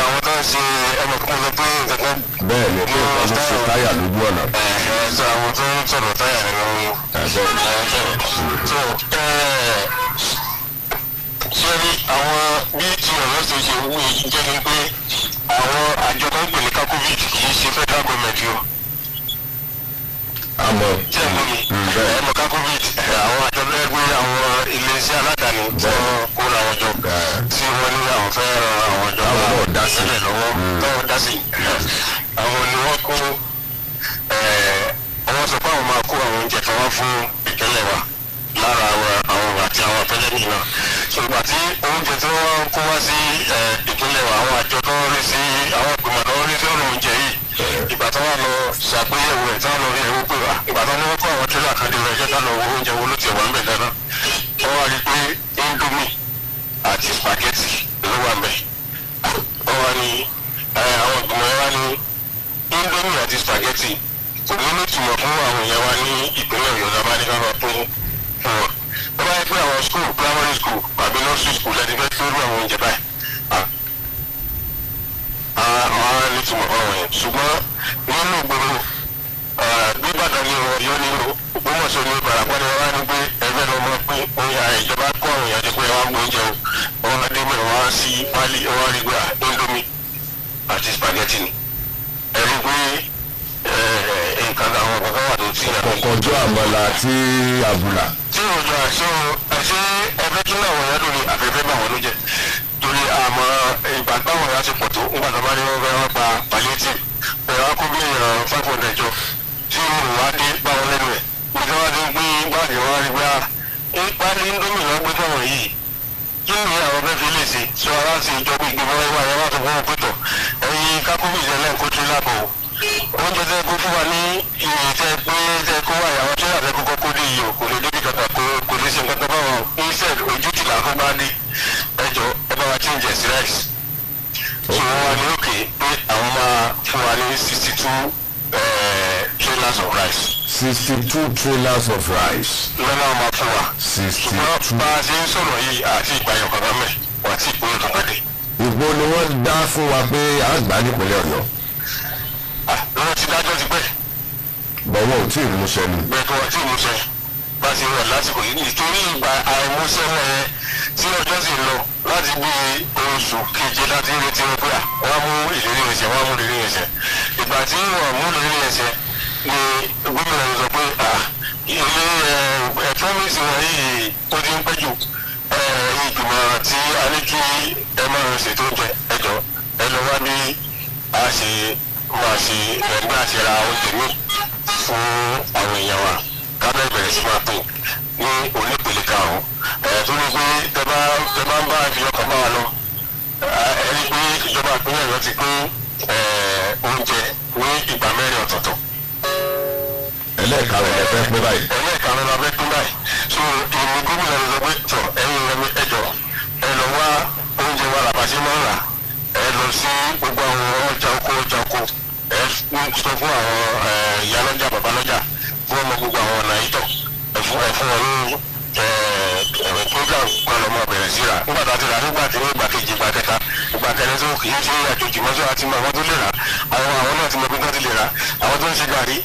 àwọn tó ń ṣe ẹnìkan lọ pé kankan. bẹ́ẹ̀ ni pé nǹkan ló ṣe táyà lójú ọ̀nà. àwọn tó ń sọ̀rọ̀ táyà nínú wọn. sọ́ni àwọn bí ti ọ̀rọ̀ ṣe ṣe wúwo jẹ́ ni pé àwọn àjọ tó ń gbè ní kákóvìtì kì í ṣe federal government yìí o àmọ́ ẹmọ kakovic àwọn àjọ bẹ́ẹ̀ gbé àwọn iléeṣẹ́ aládàáni tí wọ́n kóra wọn jọ tí wọ́n ní àwọn fẹ́ ran àwọn jọ àwọn ìṣẹ̀lẹ̀ lọ́wọ́ hmm. tọ́wọ́ dá sí àwọn ni wọ́n kó wọ́n sọ pé àwọn máa kó àwọn oúnjẹ tó wá fún ìpínlẹ̀ wa lára àwọn àti àwọn àpẹẹrẹ nìyẹn ṣùgbọ́n àti oúnjẹ tí wọ́n kó wá sí ìpínlẹ̀ wa àwọn àjọ tó ń rí sí àwọn ìgbìmọ̀ tó ń rí sí ọ̀rọ̀ oúnjẹ yìí ìgbà tó wà lọ ṣàpéyẹ̀wò ẹ̀ táwọn lọ rí ẹ̀rọ pé wá ìgbà tó ní wọ́n kó àwọn tírélà kan dé rẹ̀ ká lọ wo oúnjẹ wo ló ti wà ń bẹ̀ dáná pé indomie àti spaghetti ló wà ń bẹ̀ wọ́n wá ní àwọn ìgbìmọ̀ ẹ̀ wá ní indomie àti spaghetti kò ní lótìmọ̀ fún àwọn èèyàn wa ní ìpínlẹ̀ ọ̀yọ́ náà bá ní ká lọ tó wọn. wọ́n bá yẹ pé àwọn school primary school àbí nursery school ẹni fẹ́ tó rú àwọn oúnjẹ báyìí gbó jẹun wọn á débẹ̀ wọn á sí pálí wọn á rí gbà indomie àti spaghetti ni ẹni pé nǹkan àwọn kọ̀ọ̀kan wà tó ti. kọ̀kọ̀ jọ àmàlà àti àbùlà. tí o jọ àṣọ àṣẹ ẹgbẹ́ tún náà wọ̀nyá lórí afẹ́fẹ́ bá wọn ló jẹ torí àmọ́ ìgbà táwọn ìyá ti pọ̀ tó ń gbàdá bá ní wọn fẹ́ràn pa pàlẹ́tì ẹ̀rọ akóbí ìràn five hundred jọ tí mo wá dé báwọn lẹ́nu ẹ̀ nígbà wá dé gbé gbàdé wọn rí gbá ah, ń pa ní indomie lọ́gbẹ́ fáwọn yìí kí ni àwọn fi lè sọ ara ìjọba ìgbìmọ̀ ẹ̀rọ ayé tó fọwọ́ pẹ̀tọ̀ ẹ̀yin kákóbì ìṣẹ̀lẹ̀ kó tún lábọ̀ o oúnjẹ kó fún wa ní ìyè tẹ pé tẹ kó wà yàrá tó yàtẹ kókó kó ní iye kò lè débi kàkà kó kò lè ṣe nǹkan tó bá wọn ní sẹ́ẹ̀lì ojú ti làákó bá ní ẹjọ́ ẹ bá wa change ẹ̀sì rice. sọ wọn wá ní òkè pé àwọn máa fún wa ní sixty two trailers of rice. sixty two trailers of rice. lọ́nà ọmọ fún wa. sixty two ṣùgbọ́n bá a ṣe ń sọ̀rọ̀ yìí àti ìgbàyàn kankan mẹ́ wà tí ìpínlẹ̀ tó pàdé. ìgbó ni wọ́n dá fún wa pé à ń gbà nípínlẹ̀ ọ̀yọ́. lọ́nà ti dájọ́ ti pẹ́. bọ̀wọ̀ ò tí ì múṣẹ ni. bẹ́ẹ̀ tó wà tí ì múṣẹ bá ti rẹ̀ lásìkò yìí nítorí ìgbà àìmúṣẹ rẹ̀ tí ọjọ́ sì lọ láti bí oṣù keje láti retí wọn pé wọ́n mú ìlérí ẹ̀ṣẹ̀ wọ́n mú ìlérí ẹ̀ṣẹ̀ ìgbà tí wọ́n mú ìlérí ẹ̀ṣẹ̀ ni gómìnà sọ pé à ilé ẹ promise wa yìí ó ti ń pẹ́ jù ẹ ìgbìmọ̀ tí a ní kí ẹ máa ṣètò oúnjẹ ẹjọ ẹ lọ wá ní a ṣe máa ṣe ẹgbẹ́ àṣẹra oúnjẹ mi fún àwọn èèyàn wa kábẹ́ bẹ̀rẹ̀ sí máa pè ní onípele karùn-ún ẹ̀ tó ní pé tẹ bá tẹ bá ń bá ìfìyàn kan bá wa lọ ẹni pé ìjọba ìpínlẹ̀ ọ̀yọ́ ti pín oúnjẹ ní ìgbà mẹ́rin ọ̀tọ̀ọ̀tọ̀ ẹlẹ́ẹ̀karùn ẹ̀ fẹ́ pín báyìí. ẹlẹ́ẹ̀karùn ẹ̀ fẹ́ pín báyìí so ìlú gómìnà ló sọ pé tọ ẹ̀yin ẹ̀mí ẹ̀jọ̀ ẹ lọ wá oúnjẹ wa làbàṣẹ máa ń rà ẹ lọ sí gbogbo àwọn ọjà oko ọjà oko ẹ sọ fún àwọn ìyá lọ́jà bàbá lọ́jà fún ọmọ gbogbo àwọn ọ̀nà ìtọ̀ ẹ fún ẹ fún wọn ní ẹ̀rọ program kan lọ́mọ bẹ̀rẹ̀ síra nígbà tá a ti rà nígbà tí ní ìgbà kejì ìgbà kẹta ìgbà kẹrin tó kì í ṣe àjòjì mọ́tò àti àwọn tó lè rà àwọn àwọn náà ti mọ pé tó ti lè rà àwọn tó ń ṣe gàrí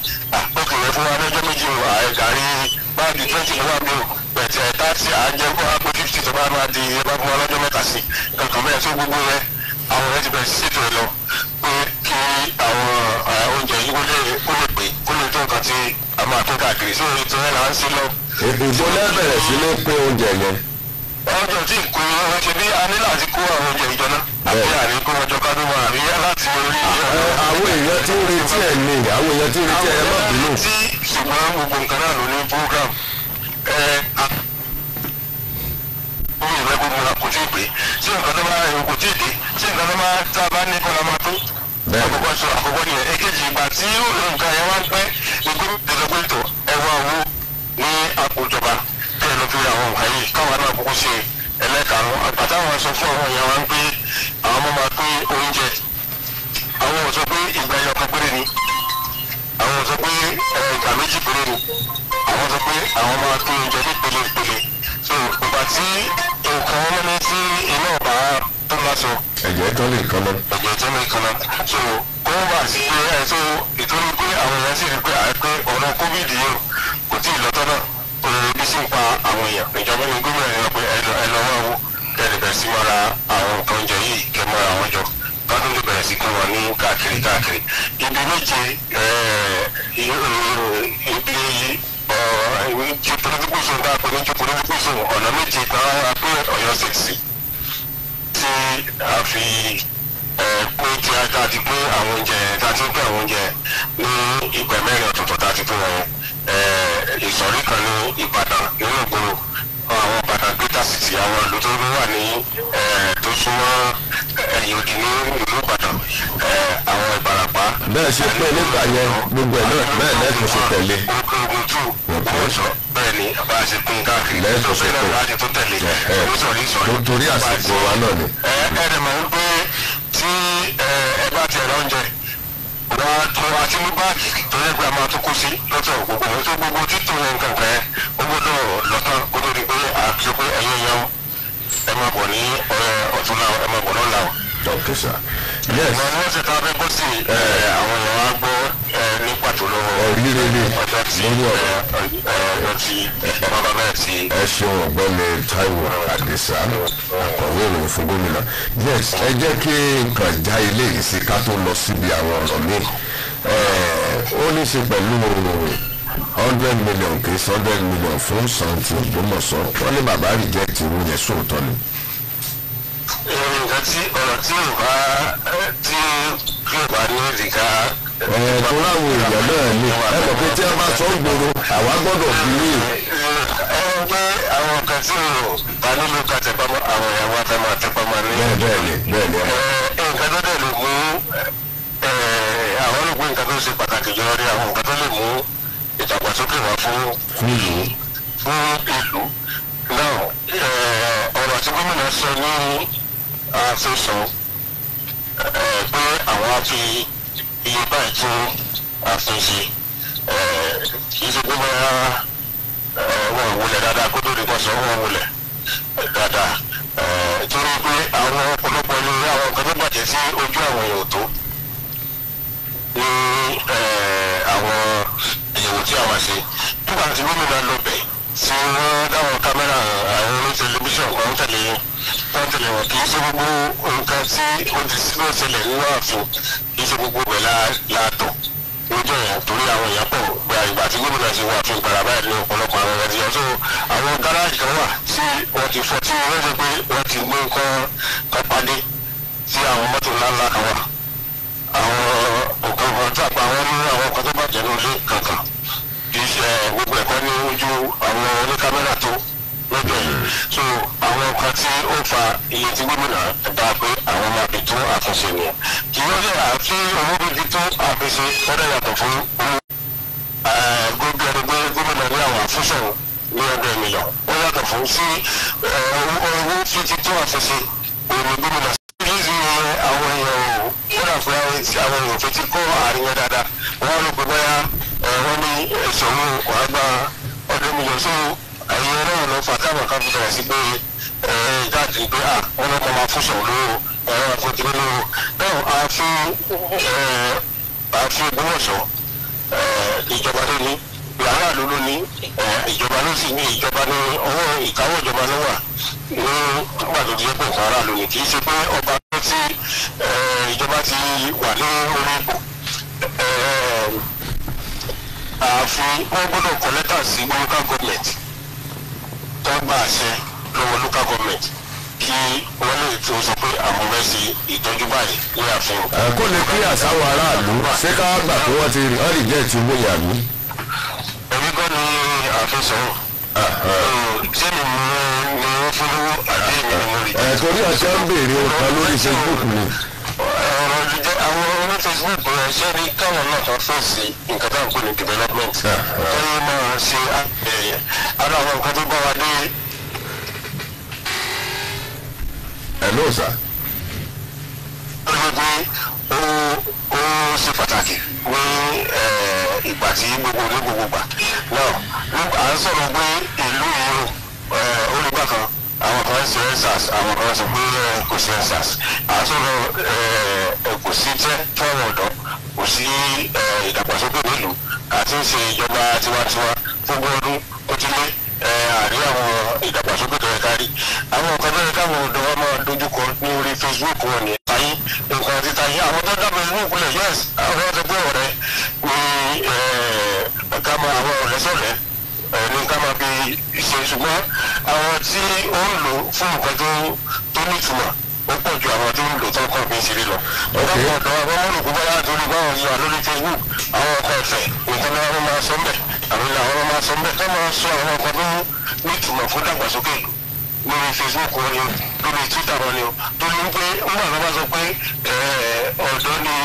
ok rẹ̀ fún wa lọ́jọ́ méjì wà ẹ̀ gàrí báàgì twenty ló wà mí o bẹ̀tẹ̀ táàsì àjẹkù àpò fifty tó bá máa di ẹ bá fún wa lọ́jọ́ mẹ́ta sí kankan bẹ́ẹ̀ tó gbogbo rẹ àwọn rẹ ti bẹ̀rẹ̀ sí ètò lọ pé kí àwọn oúnjẹ yìí kó lè kó lè pè kó lè tó nǹkan tí a máa tó káàkiri sí ètò ẹ̀ là ń sí lọ. ìbùdó lẹ́bẹ̀rẹ̀ sí pé oúnjẹ yẹn ọjọ́ tí n kó owó ṣe bí a ní láti kó àwọn oúnjẹ ìjọ náà àti àrí kó wọn jọ láti orí. àwọn èèyàn tí ń retí ẹ̀ ni àwọn èèyàn tí ń retí ẹ̀ ẹ má bínú. tí ṣùgbọ́n gbogbo nǹkan náà ló ní program ẹ omi ìwé gbogbo kò tí ì pé tí nǹkan tó bá kò tí ì dé tí nǹkan tó bá tá a bá ní kọ́lá máa tó àkọ́kọ́ sọ àkọ́kọ́ nìyẹn èkejì ìgbà tí nǹkan yẹn wá ń pẹ́ ìgbó ìdọ̀gbẹ́tọ̀ ẹ̀wọ̀n owó ní àpòjọba lójú àwọn nǹkan yìí káwọn náà kókó ṣe ẹlẹ́karùn àgbàtà àwọn sọ fún àwọn èèyàn wa ń pé àwọn ọmọ máa pín oúnjẹ àwọn ò sọ pé ìgbà ẹyọ kan péré ni àwọn ò sọ pé ìgbà méjì péré ni àwọn sọ pé àwọn máa pín oúnjẹ ní pẹ̀lẹ́ pẹ̀lẹ́ so ìgbà tí nǹkan ọlọ́ni sí iná ọ̀bà tó bá sọ. ẹ̀jẹ̀ tó lè kan lọ. ẹ̀jẹ̀ tó lè kan lọ so kó wà sí ẹ̀ so ìtòlú pé àwọn èèyàn sì rí pé àìpé ọ̀nà covid yìí kò tí ì lọ́tọ́ náà ebi sì ń pa àwọn èèyàn ìjọba ní gómìnà yẹn pé ẹnu ẹnu ọmọ wo kẹlẹ bẹ̀rẹ̀ sí mọ́ra àwọn nǹkan oúnjẹ yìí kẹ mọ́ra àwọn jọ kádùn ló bẹ̀rẹ̀ sí kún wọn ní káàkiri káàkiri ibi méje ibi jòpológúsùn tá a pè ní jòpológúsùn ọ̀nà méje a pè ọ̀yọ́ sèkìsì tí a fi kó tí a ti pé Eh, ìsọ̀rí kan ní ìbàdàn nínú ìgboro àwọn ìbàdàn greater city àwọn ìlú tó wà ní eh, tó súnmọ́ eh, ẹ̀yìn òdì ní ìlú ìbàdàn àwọn ìbarapá. bẹ́ẹ̀ ṣe pé nígbà yẹn gbogbo ẹ̀ náà bẹ́ẹ̀ lẹ́ẹ̀kan ṣe tẹ̀lé. ogun tù owó sọ bẹ́ẹ̀ ni bá a ṣe pín káàkiri lẹ́ẹ̀kan ṣe tẹ̀lé láti tó tẹ̀lé ló sọ̀rí ìsọ̀rí. nítorí ẹ ẹ dẹ̀ mọ̀ wípé tí ẹ bá tiẹ̀ lọ́njẹ wọ́n tó yẹ pé a máa tún kú sí lọ́tọ̀ gbogbo ẹ̀ tó gbogbo títún yẹn kankan yẹn ó gbọ́dọ̀ lọ́tàn kó tó di pé àti pé ẹ̀yẹ yẹn o ẹ máa bọ̀ ní ọ̀tún náà ẹ máa bọ̀ lọ́la o. Okay sir. yes. ìmọ̀ ni wọ́n ṣe ta fẹ́ kó sí àwọn èèyàn wa gbọ́ ní pàtó lọ́wọ́. ọ̀rìnrìn ni ọjọ́ tí ọjọ́ tí bàbá náà ti. ẹ ṣeun ọ̀gbẹ́ni Táíwò Adésá akọ̀wé ìròyìn fún gómìnà. yes ẹ jẹ́ kí nǹkan já ilé yìí sí ká tó lọ síbi àwọn ọ̀rọ̀ míì. ó ní ṣe pẹ̀lú hundred million kì í hundred million fún santi Ògbómọ̀ṣọ́ wọ́n ní bàbá yẹn ni. nǹkan ọ̀rọ̀ tí o bá láwọn èèyàn náà ni ẹ mọ̀ pé tí a bá sọ gbòòrò àwa gbọ́dọ̀ bí i. pé nǹkan tó ṣe pàtàkì jùlọ ní àwọn nǹkan tó lè mú ìdàgbàsókè wá fún ìlú fún ìlú náà eh, ọ̀rọ̀ tí gómìnà sọ ní àfẹsọ̀ eh, pé àwọn á fi iye báyìí tó àfẹsẹ̀ eh, kì í ṣe gbogbo ara wọn ò wulẹ̀ dáadáa kó tó di kọ́ sọ wọn ò wulẹ̀ dáadáa torí pé àwọn ọ̀pọ̀lọpọ̀ ní àwọn nǹkan tó bàjẹ́ sí ojú àwọn èèyàn ní eh, àwọn ìyẹ̀wò tí àwọn ṣe nígbà tí gómìnà lọ bẹ̀ tí wọ́n dáwọn kámẹ́rà àwọn oní tẹlifíṣàn kan tẹ̀lé wọ́n tẹ̀lé wọn kì í ṣe gbogbo nǹkan tí ó ti sínú ìṣẹ̀lẹ̀ nínú ààfin kì í ṣe gbogbo bẹ̀ láàtọ̀ lójó yẹn torí àwọn èèyàn pọ̀ gba ìgbà tí gómìnà ṣe wà fún ìgbàlá báyìí ní ọ̀pọ̀lọpọ̀ àwọn ẹ̀rọ ìyẹn tó àwọn gáràjì kan wà tí wọ́n ti fọ́ tí wọ́n ti gbé wọ́n ti gbé nǹkan kan padé tí àwọn mọ́tò ńláńlá kan wà àwọn nǹkan kan tí àpá wọn ní àwọn kan tó bàjẹ́ ní ojú kankan kì í ṣe gbogbo ẹ̀kọ́ ní ojú àwọn oníkámẹ́rà tó lọ́dọ̀ yìí so àwọn nǹkan tí ó fa iye tí gómìnà dá pé àwọn máa fi tún àtúnṣe nìyẹn kì í wọ́n jẹ́ àti owó bíbi tó àfẹsẹ̀ fẹ́rẹ̀ yàtọ̀ fún owó gbogbo ẹni pé gómìnà ní àwọn àfúnṣọ̀ ní ọgbẹ́ ènìyàn ó yàtọ̀ fún sí owó fi ti tún àfẹsẹ̀ òní gómìnà sí ìrírí àwọn èèyàn náà fúnra wọn ti àwọn òfin ti kó àárín yẹn dáadáa wọn rò pé bóyá wọn ní ẹsùn wàá gba ọdún mílíọ̀n so ẹ̀yin ọlọ́run ló fà táwọn kan fi bẹ̀rẹ̀ sí pé káàkiri pé à wọn ló kọ́ máa fún sọ̀rọ̀ lówó ẹ̀rọ àfojúbí lówó náà àfi àfi ìgbọ́wọ̀sọ̀ ìjọba tó ní làárà ló ló ní ìjọba ló sì ní ìjọba ní ọwọ́ ìkáwọ́ ìjọba ló wà ní gbàdúgbò pẹ̀lú aráàlú ni kì í ṣe pé ọba tó ti láti wà ní orí ààfin wọn gbọ́dọ̀ kọ lẹ́tà sí local government tó gba àṣẹ lọ́wọ́ local government kí wọ́n lè tó sọ pé àwọn fẹ́ ṣe ìtọ́jú báyìí ní ààfin. kó lè aráàlú ṣé ká gbà pé wọ́n ti jẹ́ èmi kọ́ ni ààfin sọ̀rọ̀ ṣé mi ni wọ́n fún èmi ni mo rí. ọ̀sẹ̀ jẹ́ àwọn oní Facebook rẹ̀ ṣé rí káwọn náà kan fèsì nǹkan tá à ń pè ní development lórí ah, ah. náà ṣe àgbẹ̀yẹ ara àwọn nǹkan tó bá wa dé. hello sir. olùgbé ó ó ṣe pàtàkì ní ìgbà tí gbogbo ní gbogbo gbà náà à ń sọ̀rọ̀ pé ìlú yìí olùgbà kan àwọn kan ṣe ẹ́sàs àwọn kan ṣe pé kò ṣe ẹ́sàs àtúntò eh, kò sí tẹ́tọ́rọ̀ ọ̀dọ́ kò sí eh, ìdàgbàsókè nílùú àti ń ṣe ìjọba tiwantiwa gbogbo ọdún ó ti lé eh, àrí àwọn ìdàgbàsókè tó yẹ ká rí àwọn nǹkan tó yẹ káwọn ọ̀dọ́ wa máa dojú kọ ní orí Facebook wọn ni ayé nǹkan ti ta yé àwọn tó dábàá inú ìpínlẹ̀ yẹ́s àwọn ọ̀dọ́ pé ọ̀rẹ́ ni ká máa àwọn ọ̀rẹ́ sọ̀rẹ́ ní ká ṣe ṣùgbọ́n àwọn tí ó ń lò fún nǹkan tó tó nítumọ̀ ó pọ̀ ju àwọn tó ń lò tó kàn bíi ṣeré lọ. ọ̀dọ́ ọ̀dọ́ àwọn olùkú bọ́lá àti olùbáwọn yìí wà lórí Facebook àwọn ọkọ̀ ọ̀fẹ́ nǹkan náà wọ́n máa sọ mbẹ̀ àwọn làwọn máa sọ mbẹ̀ tó máa sọ àwọn ọkọ̀ tó nítumọ̀ fún dàgbàsókè lórí Facebook wọn ni o lórí Twitter wọn ni o tó ní pé ń bá àwọn bá sọ pé ọ̀dọ́ ni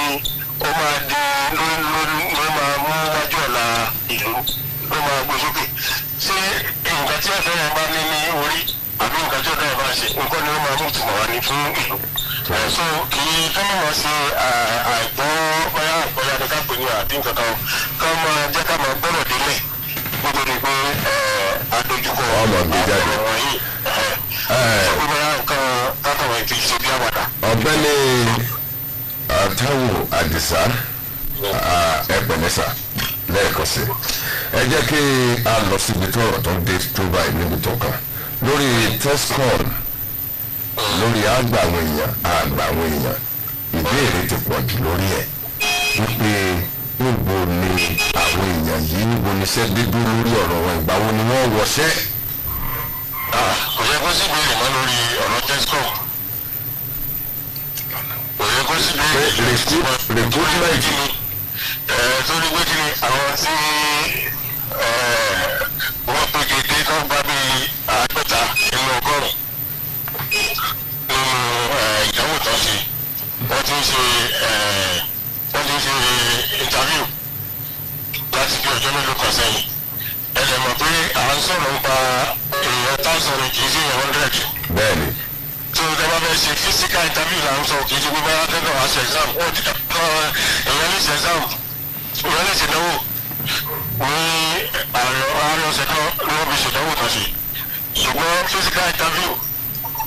ó máa di ló máa mú wájú ọ̀la ìlú ló máa gbé sókè ní nǹkan tí ọ̀dọ́ yẹn bá ní ní orí àbí nǹkan tí ọ̀dọ́ yẹn bá ṣe nǹkan ni ó máa mú ìtumọ̀ wá ní fún ìlú. so kì í fẹ́mi mọ̀ sí àìgbọ́ bóyá àgbọ̀yà ni ká pè ní àbí nǹkan kan ká máa jẹ́ ká máa gbọ́dọ̀ délẹ̀ nítorí pé adójúkọ ọmọ mi jáde ọ̀gbẹ́ni àtàwọn àdìsá ẹ lẹ́ẹ̀kan sí ẹ jẹ́ kí a lọ síbi tó ọ̀rọ̀ tó ń dé tó báyìí níbi tó kàn lórí tescon lórí àgbà àwọn èèyàn àgbà àwọn èèyàn ìbéèrè ti pọ̀ jù lórí ẹ̀ wípé níbo ni àwọn èèyàn yìí níbo ni iṣẹ́ dídú lórí ọ̀rọ̀ wọn ìgbà wo ni wọ́n wọṣẹ́. kò yẹ kó sì béèrè mọ́ lórí ọ̀rọ̀ tescon kò yẹ kó sì béèrè lórí ọ̀rọ̀ tescon torí pé ni àwọn tí wọ́n tó jẹ dé tó ń bá bí àádọ́ta nínú ọgọ́rùn-ún nínú ìdánwò tó ń ṣe wọ́n ti ń ṣe wọ́n ti ń ṣe interview láti bí ọjọ́ mélòó kan sẹ́yìn ẹ lè mọ̀ pé à ń sọ̀rọ̀ nípa èèyàn táwọn sọ̀rọ̀ kì í sí èèyàn hundred. bẹ́ẹ̀ni tó dábàá fẹ́ ṣe physical interview là ń sọ kì í ṣe gbogbo ara tẹ́lẹ̀ wá ṣe exam wọ́n ti dábàá èèyàn lè ṣe exam èèyàn lè ṣe náwó ní àárọ̀ àárọ̀ ṣẹ̀kọ́ lọ́wọ́ fi ṣèdánwò tó ṣe ṣùgbọ́n physical interview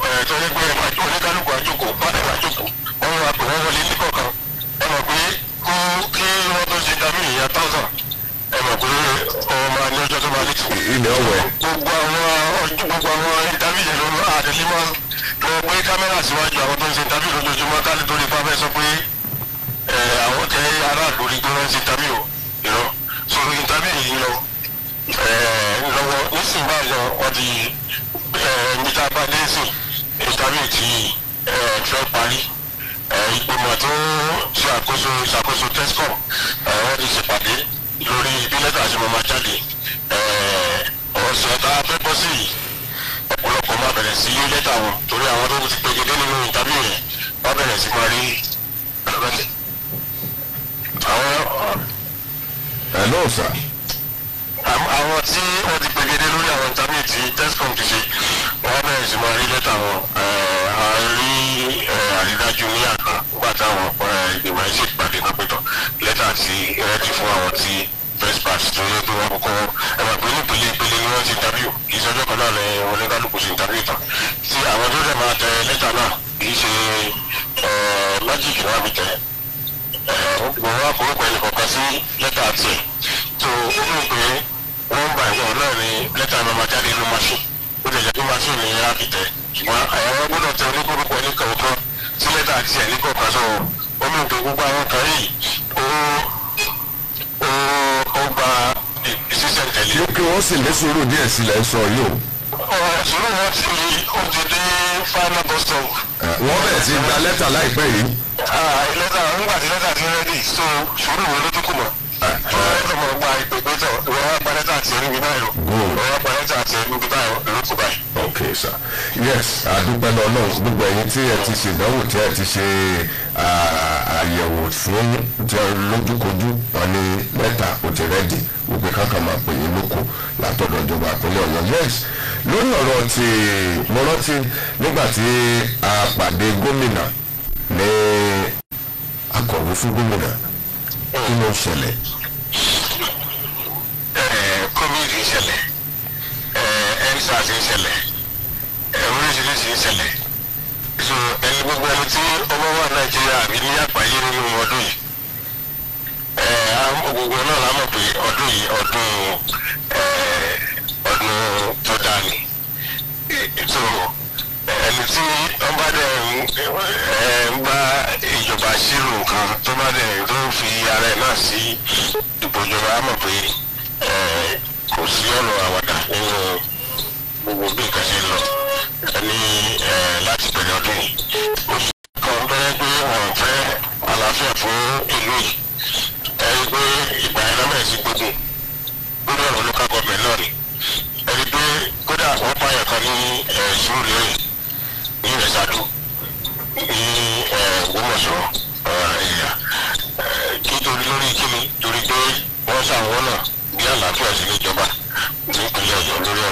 ẹ̀ tó yẹ pé oníkálukú àjòkó bàtà àjòkó wọ́n wá pè wọ́n wọlé níkọ̀ọ̀kan ẹ mọ̀ pé kó kí wọ́n tó ṣe interview ìyá thousand ẹ mọ̀ pé ọmọ ní ọjọ́ tó máa ní tù. ilé ọ̀wẹ̀. gbogbo àwọn ọjọ́ gbogbo àwọn interview yẹn ló ń àdéhìí máa tó gbé kámẹ́rà síwájú àwọn tó ń ṣe tàbí lójoojúmọ́ káàdì tó lè bá fẹ́ sọ pé àwọn tẹ aráàlú rí gbé wọn ṣe tàbí o ìrọ sọ̀rọ̀ yìí tàbí yìí lọ lọ́wọ́ nísìnyí bá lọ wọ́n ti níta bá dé sí ìtàbí ti fẹ́ parí ìgbìmọ̀ tó ṣe àkóso ìṣàkóso tescom wọ́n ti ṣèpàdé lórí bí lẹ́tà ṣe máa jáde ọ̀sẹ̀ tá a fẹ́ bọ́ sí yìí ọ̀pọ̀lọpọ̀ máa bẹ̀rẹ̀ sí yí lẹ́tà wọn torí àwọn tó ti pegedé nínú ìtàbí rẹ̀ wọ́n bẹ̀rẹ̀ sí máa rí ẹlọ́bẹ̀tẹ̀. àwọn. ẹ ló sà. àwọn tí wọ́n ti pegedé lórí àwọn ìtàbí tí tescom ti ṣe wọ́n bẹ̀rẹ̀ sí máa rí lẹ́tà wọn a rí àrídájú ní àná nígbà táwọn ìgbìmọ̀ ẹ̀ ṣèpàdé náà pẹ̀tọ̀ lẹ́tà ti rẹ́dí fún àwọn tí best practice tó yẹ pé wọ́n kọ́kọ́ ẹ máa pè ní ìpele ìpele ni wọ́n ti interview kì í sọjọ́ kan náà lẹ wọlé kálukú sí interview tán tí àwọn tó dẹ̀ máa tẹ lẹ́tà náà kì í ṣe májíìkì náà fi tẹ wọ́n wá kórópọ̀ ẹnì kọ̀ọ̀kan sí lẹ́tà tiẹ̀ tó ó mú pé wọ́n ń bá ìwọ̀n náà ní lẹ́tà máa jáde nínú machine ó lè jẹ́ pé ni a fi tẹ̀ ṣùgbọ́n àwọn gbọ́dọ̀ tẹ oníkórópọ̀ ẹnì kọ̀ọ̀kan sí lẹ́tà tiẹ̀ ní kọ̀ọ̀kan sọ̀rọ̀ ó gba ìṣiṣẹ́ tẹ̀lé. lókè wọ́n sì lé sùúrù díẹ̀ sílẹ̀ sọ yìí o. sùúrù wọn sì ní ó ti dé final bus stop. wọ́n bẹ̀rẹ̀ sí gba lẹ́tà láìpẹ́ yìí. lẹ́tà ń gbà sí lẹ́tà ti rẹ́dì so sùúrù wọn ló tún kù ọ̀rọ̀ ọ̀gbà ìpèpè tọ̀ ìwọ́n wá gba lẹ́tà àti ẹ̀rí mi báyìí o. gba lẹ́tà àti ẹ̀rí mi báyìí báyìí. okay yes adúpẹ́ lọ gbogbo tí ẹ ti ṣe ìdánwò tí ẹ ti ṣe àyẹ̀wò fún jẹ́ lójúkojú wọn ní mẹ́ta ó ti rẹ́dì gbogbo kankan máa pè yín lóko látọ̀dọ̀ ìjọba ọ̀yọ́ yes lórí ọ̀rọ̀ mo rántí nígbà tí a pàdé gómìnà ní akọ̀wé fún gómìnà kí ló oríṣiríṣi ìṣẹ̀lẹ̀ so ẹni gbogbo ẹni tí ọmọ wa nàìjíríà àbí ní àgbáyé nínú ọdún yìí gbogbo náà la pé ọdún yìí ọdún ọdún tó dáa ni so ẹni tí wọ́n bá ń gba ìjọba kan tó bá tó fi ara náà sí ìbòjọba pé kò sí àwàdà nínú gbogbo bí nǹkan ṣe ní láti bẹ̀rẹ̀ ọdún yìí ó sì kọ́ bẹ́rẹ́ pé wọ́n fẹ́ àlàáfíà fún ìlú yìí ẹni pé ìgbà yẹn lọ́mọ ẹ̀sìn gbogbo lórí ọ̀rọ̀ local government náà ni ẹni pé kódà wọ́n pààyàn kan ní ìṣòro lẹ́yìn ní ìrẹsàdù ní Ògbómọ̀ṣọ́ ẹ̀yà kí torí lórí kíni torí pé wọ́n ṣàwọn náà bí àlàáfíà sí ní ìjọba ní ìpínlẹ̀ ọ̀yọ́ lórí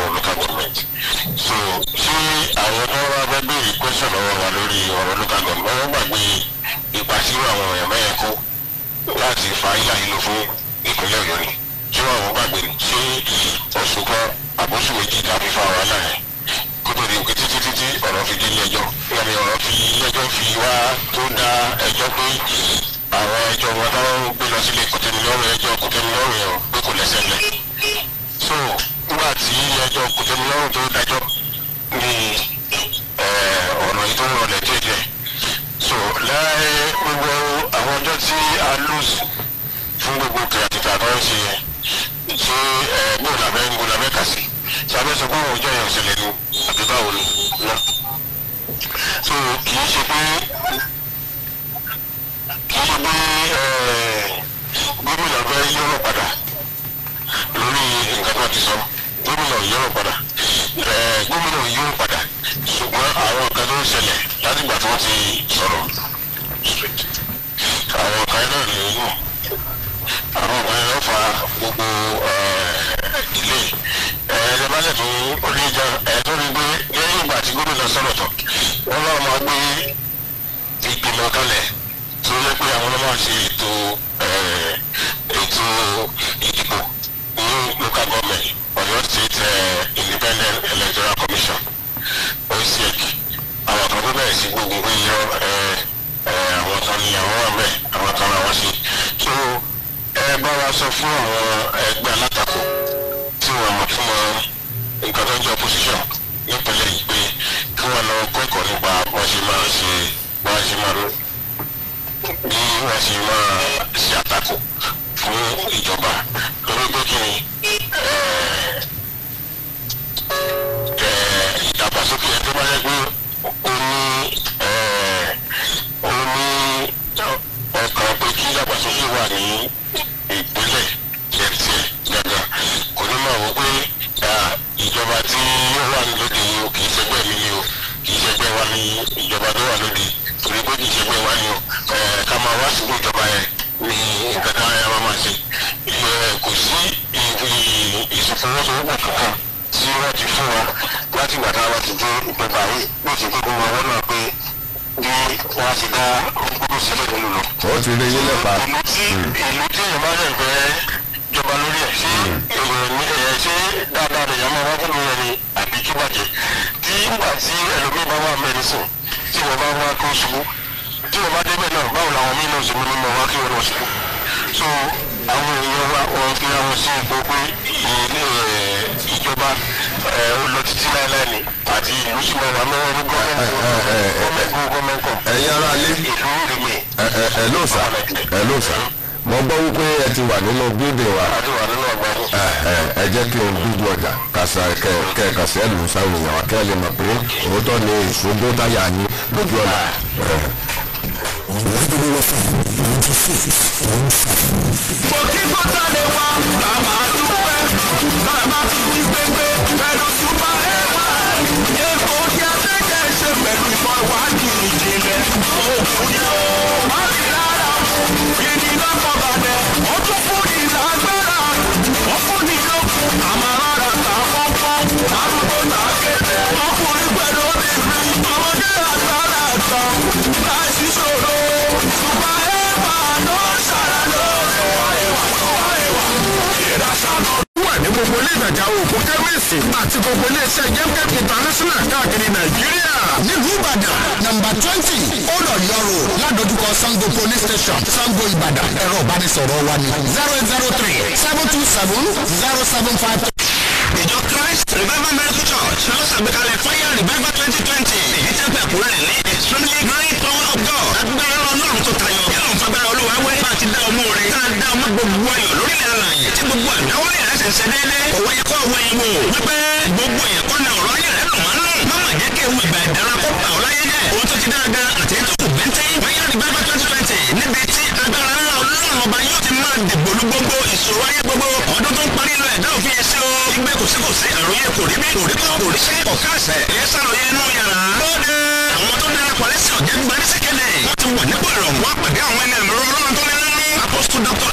ọ̀rọ̀ local government so ṣé àwọn tó wá bá béèrè question lọ́wọ́ wa lórí ọ̀rọ̀ local government wọ́n gbàgbé ipa sírò àwọn èèyàn mẹ́yẹn kó láti fa ilà ìlú fún ìpínlẹ̀ ọ̀yọ́ ni ṣé wọn àwọn gbàgbé ṣé oṣù kan àbóṣù méjì tàbí fún àwọn aláàrẹ kó tó di òkè títí títí ọ̀rọ̀ fi dé ilé ẹjọ́ lórí ọ̀rọ̀ fi ilé ẹjọ́ fi wá tó dá ẹjọ́ pé àwọn ẹjọ́ wọn táwọn gbé lọ sílé kòtẹ́nilọ́rùn ẹjọ́ kòtẹ́nilọ́rùn ẹ̀ pé kò lẹ́sẹ̀ lẹ̀ so nígbà tí ẹjọ́ kòtẹ́milọ́rùn tó dájọ́ ní eh, ọ̀nà yìí tó ń rọlẹ̀ díẹ̀díẹ̀ so láyé gbogbo àwọn ọjọ́ tí a lose fún gbogbo kìlàkìtà tó ń ṣe ṣe gbọ́dọ̀ làbẹ́ gbọ́dọ̀ làbẹ́ kà sí sábẹ́ sọ pé òun jẹ́ èèyàn ṣẹlẹ̀ nu àbí báwo ni ná so kì í ṣe pé kì í ṣe pé eh, gómìnà fẹ́ yọ̀rọ̀ padà nǹkan tó ti sọ gómìnà yóò padà gómìnà yóò padà ṣùgbọ́n àwọn nǹkan tó ń ṣẹlẹ̀ láti ìgbà tó ti sọ̀rọ̀ àwọn nǹkan náà ni ó mọ̀ àwọn nǹkan yẹn ló fa gbogbo ilé ẹ̀ẹ́dẹ̀ bá ṣètò oníjà ẹ̀ẹ́dẹ̀ ní gbé lẹ́yìn ìgbà tí gómìnà sọ̀rọ̀ tán wọ́n lọ́ọ́ máa gbé ìgbìmọ̀ kalẹ̀ tó lé pé àwọn ọlọ́mọ ṣe ètò ètò local government Oyo State uh, Independent Electoral Commission OICEC àwọn kan tó bẹ̀rẹ̀ sí gbógun pé yọ eh, eh, àwọn kan ní àwọn wà bẹ́ẹ̀ àwọn kan làwọn ṣe tó ẹ bá wa sọ fún àwọn ẹgbẹ́ alátakò tí wọ́n mọ̀ fún wọn nǹkan tó ń jẹ́ opposition nípínlẹ̀ yìí pé kí wọ́n lọ kẹ́kọ̀ọ́ nípa wọ́n ṣe máa ṣe wọ́n ṣe máa lò bí wọ́n ṣe máa ṣe àtakò fún ìjọba lórí pé kí ni ìdàgbàsókè ẹ tó bá yẹ pé ó ní ó ní ọkàn pé kí ìdàgbàsókè wà ní ìpínlẹ̀ tiẹ̀tiẹ̀ gàgà kò ní máa wọ pé ìjọba tí ó wà ní lóde yìí o kì í ṣẹgbẹ́ mi ni o kì í ṣẹgbẹ́ wa ní ìjọba tó wà lóde torí pé kì í ṣẹgbẹ́ wa ni o ká máa wá sínú ìjọba yẹn nǹkan tá a yára máa ṣe kò sí ìfọwọ́sowọ́pọ̀ kankan tí wọ́n ti fún wa láti gbà tá a bá ti dé ìpẹ́pà yìí ló ti kókó wọn wọ́n náà pé bí wọ́n ti dá ọkùnrin sílẹ̀ nínú lọ. ó ti rí ilé pa. ìlú tí ìlú tí èèyàn bá rẹ̀ fẹ́ jọba lórí ẹ̀ ṣé ẹ̀ ṣé dáadáa rẹ̀ yàrá wọn fún mi rẹ̀ ni àbí kí bàjẹ́ tí nígbà tí ẹlòmíì bá wà mẹ́rin sùn tí wọ́n bá wá kó ṣubú tí o bá débẹ̀ náà báwo làwọn míì náà ṣe mú mímọ wá kí o lọ sí so àwọn èèyàn wa wọn fi ra wọn sí ipò pé ilé eh, ìjọba eh, ó lọ títí láéláé ni àti ìlú sì máa wà lọ́wọ́ ní gọ́ọ̀mẹ̀ntì eh, gọ́ọ̀mẹ̀ntì ẹ̀yin ara lé ìlú rèmè. ẹ ló sà ẹ ló sà mo gbọ́ wípé ẹ ti wà nínú building wa ẹ jẹ́ kí n dúdú ọjà kàṣà kẹ̀kàṣà ẹ̀lú sáwọn èèyàn wa kẹ́ ẹ lè mọ̀ pé òótọ́ ni ìṣògbó táyà yín lójú ọ̀la kò kí kó sáré wá bàbá dúpẹ́ bàbá ti dúpẹ́. fún kẹ́mẹ́sì àti gbogbo iléeṣẹ́ yemkem international káàkiri nàìjíríà. nílùú ìbàdàn nọ́mbà twenty old ọ̀yọ́ ládojúkọ sango police station sango ìbàdàn ẹ̀rọ ìbánisọ̀rọ̀ wa ni zero eight zero three seven two seven zero seven five. ìjọ christ revival miracle church ló ṣàgbékalẹ̀ fire revival ń ṣe déédéé. òwe yẹ kó àwọn ìwò wípé gbogbo èèyàn kọ́ na ọ̀rọ̀ ayé rẹ̀ lò wọ́n nù. má mà jẹ́ kí ewu ìgbà ìdára kó bà ọ́ láyé jẹ́. ohun tó ti dára gan àti ètò kù bẹ́ntẹ́. bóyá ní bá bá twenty twenty níbi tí agbára ńlá ọlọ́run ọba yóò ti máa dìgbòlú gbogbo ìṣòro ayé gbogbo ọdún tó ń parí lọ ẹ̀dá òfin ẹ̀ sí o. ìgbẹ́ kò sí kò sí àròyé kò rí bí kò rí kọ́ kò rí sẹ́ ọ̀ká àṣẹ. èyí sàròyé inú yàrá apostle dr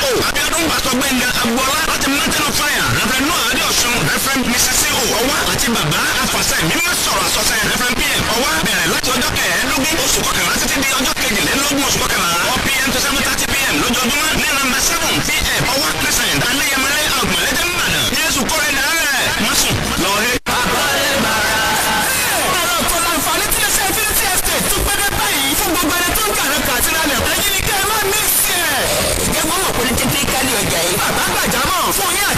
fao abiodun pastor gbẹngà agboola láti mountain of fire reverend noah adeosun reverend mrs co ọwá àti bàbá afàṣẹ mímọ́ sọ̀rọ̀ àsọsẹ reverend pm ọwá bẹ̀rẹ̀ láti ọjọ́ kẹẹ̀ẹ́dógún oṣù kọkànlá títí di ọjọ́ kejìlélógún oṣù kọkànlá four pm to seven thirty pm lójoojúmọ́ ní nàmbà seven pm ọwá crescent alẹ́yẹmọlẹ́ àgbọ̀nlẹ́jẹ̀ mbàdàn jésù kọ́rẹ́ nàárẹ̀ mọ́sùn lọ́ọ́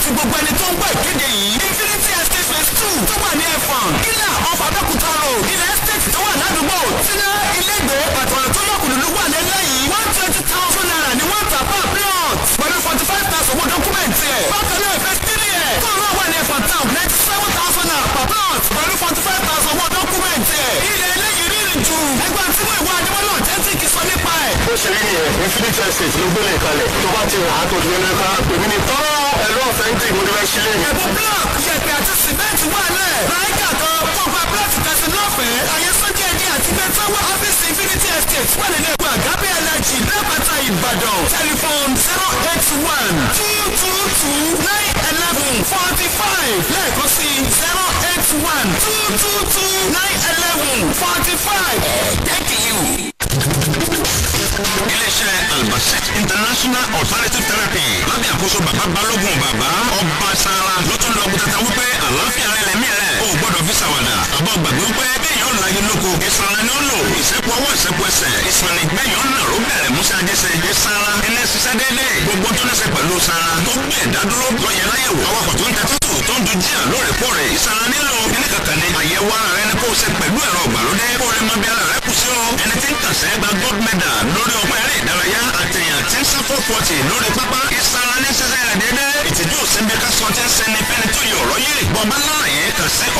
àti gbogbo ẹni tó ń gbọ́ ìkéde yìí Infinity Estate phase two tó wà ní ẹ̀fọ̀n kílà ọ̀fà Abẹ́òkúta road ilẹ̀ estate tó wà ládùúgbò sílẹ̀ ilégbèé pàtàkì tó lọ́kùnrin wà lẹ́lẹ́ yìí one twenty thousand naira ni wọ́n tà per plot pẹ̀lú forty five thousand owó dọ́kúmẹ̀ntì ẹ̀ bákan náà ìfẹ́ sílẹ̀ ẹ̀ tó ń wà ní ẹ̀fọ̀n town ninety seven thousand naira per plot pẹ̀lú forty five thousand owó dọ́kúmẹ̀ntì ẹ̀ ilẹ̀ eléyìí rírì ju ẹgbẹ́ tí mo ìwà adébọ́lá authentic sọ nípa ẹ̀. ó ṣe rí nìyẹn Infinity Estate ló gbélé kalẹ̀ tó bá ti rà á tó dúró lẹ́ka pèmí ni tọ́lá pẹ̀lú authentic mo ti fẹ́ sílé. ẹ̀bùn block yẹ̀pẹ̀ àti sìmẹ́ǹtì wà lẹ̀. ráìdà kan pọ̀pọ̀ plọ́ọ̀tì kẹsì lọ́fẹ̀ẹ́. àyè sọ́jà ẹni àti bẹ́tẹ̀ wà. ọ́fíìsì infinity estate wà nínú ẹgbẹ́ àgábẹ́ ẹlẹ́jì lẹ́pàtà ìbàdàn. tẹlifon zero eight one two two two nine eleven forty five lẹ́ẹ̀kan sí zero eight one two two two nine eleven forty five. thank you iléeṣẹ́ albacet international alternative therapy lábẹ́ àkóso bàbá balógun bàbá ọba sara ló tún lọ gbẹdẹdẹ wípé àlàáfíà rẹ lẹ́mí rẹ gbọ́dọ̀ fi ṣàwàdà àbọ̀ gbàgbé pé bẹ́ẹ̀yàn láyé lóko ìsanra ni ó lò ìsẹ́kù ọwọ́ ìsẹ́kù ẹsẹ̀ ìsanra ìgbẹ́yàn náà ló bẹ̀rẹ̀ musa jẹsẹ̀ ìsanra ẹni ṣiṣẹ́ déédéé gbogbo tó lẹ́sẹ̀ pẹ̀lú sanra tó gbé ìdádúró lọ́yẹ̀ láyẹ̀wò awakọ̀ tó ń ta tó tó ń dojú yàn lóòrèkóòrè ìsanra nílò ẹni kankan ni àyẹ̀wò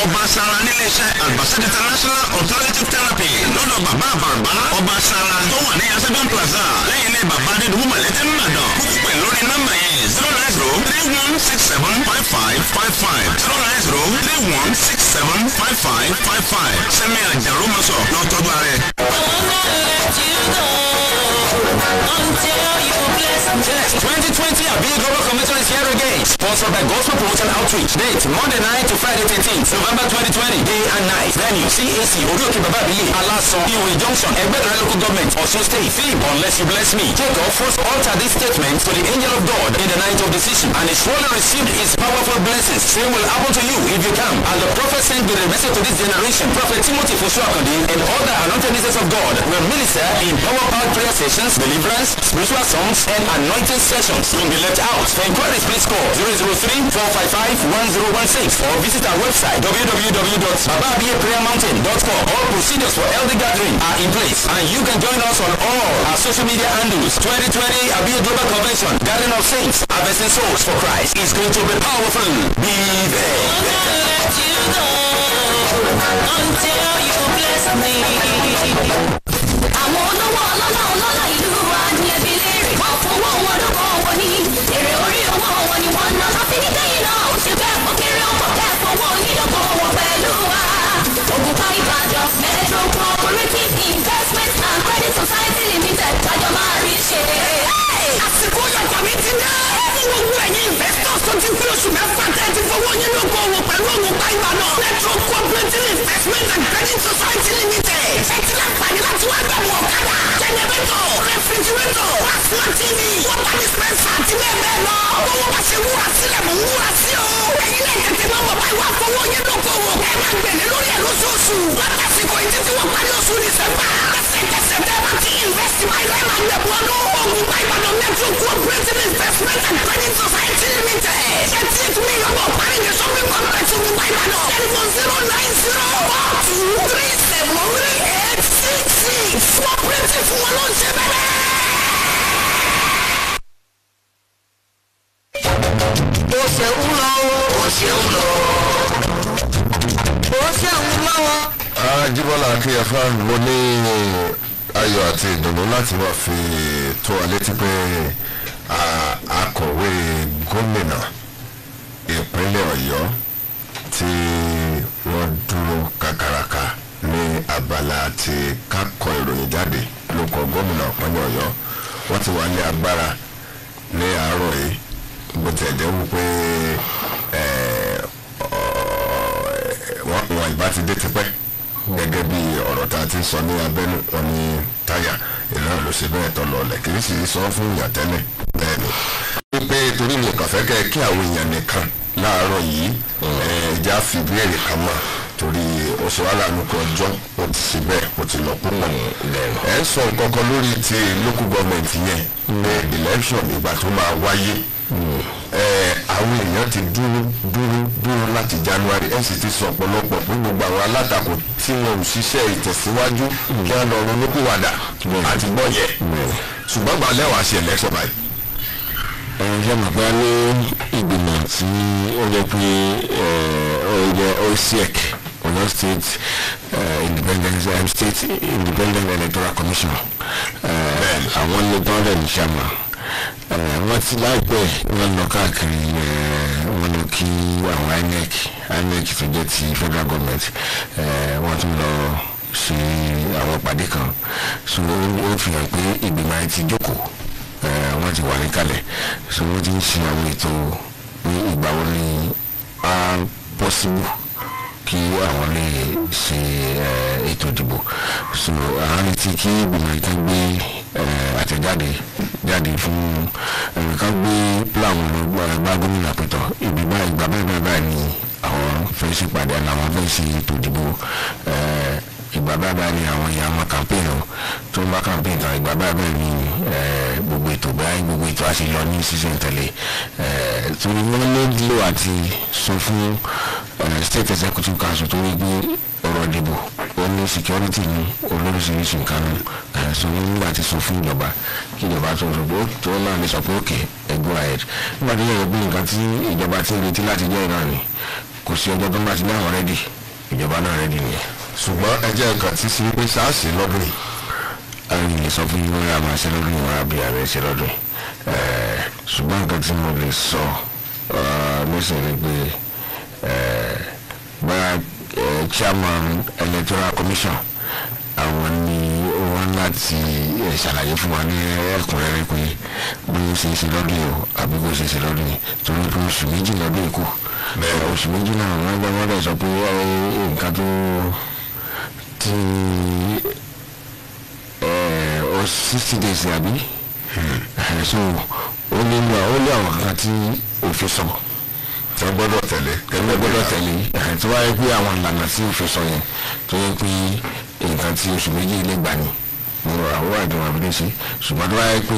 ọba sara nílé iṣẹ́ albasad international alternative therapy lọ́dọ̀ bàbá àbàràbá ọba sara tó wà ní asẹ́gbọ̀n plaza lẹ́yìn ilé bàbá adédùnmú mọ̀lẹ́tẹ̀ ńbàdàn púpẹ̀ lórí nọ́mbà yẹn zero nine zero three one six seven five five five five zero nine zero three one six seven five five five five sẹ́mi àjàrò mọ́sọ̀ lọ́tọ́gbà rẹ̀. ọ̀nà ẹ̀ ti Yes, 2020, a big global convention is here again. Sponsored by Gospel Promotion Outreach. Date, Monday night to Friday 13th, November 2020. Day and night. Venue, CAC, Orioke Bababili, Alaso, Iwe Junction, Egbedra Local Government, also State. Fee, unless you bless me. Jacob first alter this statement to the angel of God in the night of decision, and he surely received his powerful blessings. Same will happen to you if you come. And the prophet sent the message to this generation. Prophet Timothy for Foshuakandi and all the anointed of God will minister in power prayer sessions deliverance, spiritual songs, and anointing sessions. Don't be left out. For inquiries, please call 003-455-1016 or visit our website www.bababiaprayermountain.com. All procedures for elder gathering are in place and you can join us on all our social media handles. 2020 Abia Global Convention, Garden of Saints, Harvesting Souls for Christ is going to be powerful. Be there. until you bless me. I wanna Building Society Limited. Ẹ ti láǹfààní láti wá gbẹ̀wò ọ̀kadà. Jẹnẹrétọ̀, rẹfrijirétọ̀, plasma TV, water dispenser àti bẹ́ẹ̀ bẹ́ẹ̀ lọ. Owó bá ṣe wúra sílẹ̀ mọ̀ ń wúra sí o. Ẹ̀yin náà tètè máa wọ̀ báyìí wá fowó yín dókòwò. Ẹ máa gbèlè lórí ẹ̀ lóṣooṣù. Látàsíkò ìdí tí wọ́n parí oṣù December. Lẹ́sẹ̀kẹsẹ̀ investment lẹ́wà lẹ́bùọ́nù ògùn báyìí metro cooperative investment and credit society limited twenty eight million of parí ní shopping complex ògùn báyìí telephone zero nine zero four two three seven three eight six six cooperative wọn ló ń ṣe bẹ́ẹ̀. ó ṣe ń lọ ó ṣe ń lọ ó ṣe ń lọ. ajibola akínyẹfà mo ní ayọ̀ àti ìdùnnú láti wá fi tó wa létí pé akọ̀wé gómìnà ìpínlẹ̀ ọ̀yọ́ tí wọ́n dúró kàkàràkà ní abala ti kákọ ìròyìn jáde lóko gómìnà ìpínlẹ̀ ọ̀yọ́ wọ́n ti wà ní agbára ní àárọ̀ yìí bó tẹ̀ jẹ́ wípé wọ́n ìbá ti dé tipẹ́ gẹ́gẹ́ bí ọ̀rọ̀ tá a ti sọ ní abẹ́nu wọn ní táyà iná ló ṣe bẹ́ẹ̀ tọ́ lọ́ọ̀lẹ̀ kì í sì sọ fún ìyà tẹ́lẹ̀ bẹ́ẹ̀ ni. wípé torí mi kàn fẹ́ kẹ́ kí àwọn èèyàn nìkan láàárọ̀ yìí ẹ̀ẹ́dá fi ìbéèrè kan mọ̀ torí oṣù alánukọ ọjọ́ ó ti ṣe bẹ́ẹ̀ ó ti lọ púpọ̀ mm, ẹ̀ ń sọ nǹkan kan lórí ti local government yẹn ní mm. election ìgbà tó máa wáyé mm àwọn èèyàn ti dúró dúró dúró láti January ẹ sì ti sọ ọ̀pọ̀lọpọ̀ pé gbogbo àwọn alátakò tí wọn ò ṣiṣẹ́ ìtẹ̀síwájú kí wọn lọ ronúkúwàdà àti gbọ́ yẹ ṣùgbọ́n gbalẹ̀ wàá ṣe election báyìí. ẹ̀yin ṣe mọ̀ pé a ní ìgbìmọ̀ tí ó jẹ́ pé ọ̀yẹ́ oisiec Oyo State Independent State Independent Electoral Commission àwọn ní tọ́lẹ̀ ní sàmà. Eh, wọ́n ti láìpẹ́ wọ́n lọ káàkiri eh, wọ́n lọ kí àwọn INEC INEC tó jẹ́ ti federal government eh, wọ́n tún lọ ṣe àwọn ìpàdé kan so ó fi hàn pé ìgbìmọ̀ ẹ̀ ti jókòó wọ́n ti wà níkàlẹ̀ so wọ́n ti ń ṣe àwọn ètò ní ìgbà wo ni á possible kí àwọn lè ṣe ètò ìdìbò so àwọn ti kí ìgbìmọ̀ ìka gbé àtẹ̀jáde jáde fún ẹnìkan gbé plan wọn bá gómìnà pẹ̀tọ̀ ìgbà báyìí báyìí báyìí ni àwọn fẹ́ ṣèpàdé àwọn fẹ́ ṣe ètò ìdìbò ẹ̀ẹ́ ìgbà báyìí ni àwọn èèyàn mọ campaign o tó ń bá campaign tán ìgbà báyìí ni eh, gbogbo ètò báyìí gbogbo ètò àti lọ ní sísè tẹ̀lé eh, torí wọ́n nílò àti sọ fún eh, state executive council tó rí gbé ọ̀rọ̀ ìdìbò ó ní security ní olóríṣiríṣi nǹkan nù so wọ́n nílò àti sọ fún ìjọba kí ìjọba tó sọ pé ó tó náà lè sọ pé òkè ẹ go ahead nígbà tó yẹ pé nǹkan tí ìjọba ti ń retí láti jẹ́ ìran ni kò sí ọjọ́ tó ń bá ti ní àwọn rẹ́dì ìjọba náà rẹ́dì nìyẹn ṣùgbọ́n ẹ jẹ́ nǹkan tí sí pé sars lọ́dún yìí àwọn ènìyàn sọ fún yín wọ́n yà máa ṣe lọ́dún yìí wọ́n á bí ààrẹ ṣe lọ́dún yìí ṣùgbọ́n nǹkan tí mo lè sọ lọ́sẹ̀ ni pé bóyá chairman electoral commission àwọn ni wọ́n láti ṣàlàyé fún wa ní ẹ̀kúnrẹ́rẹ́ pé bí ó ṣe é ṣe lọ́dún yìí o àbí kò ṣe é ṣe lọ́dún yìí torí pé oṣù méjì lọ́dún yìí kù oṣù méjì náà wọ́n gbọ́dọ̀ sọ pé nǹkan tó ti ọ eh, oh, sixty days àbí hmm. so ó ní ó ní àwọn kankan tí òfin sọ tẹ gbọ́dọ̀ tẹ̀lé tẹ gbọ́dọ̀ tẹ̀lé tó bá yẹ pé àwọn ìlànà tí òfin sọ yẹn tó yẹ pé nǹkan tí oṣù méjì lè gbà ni ní àwọn ìdúrà mi léṣe ṣùgbọ́n tó bá yẹ pé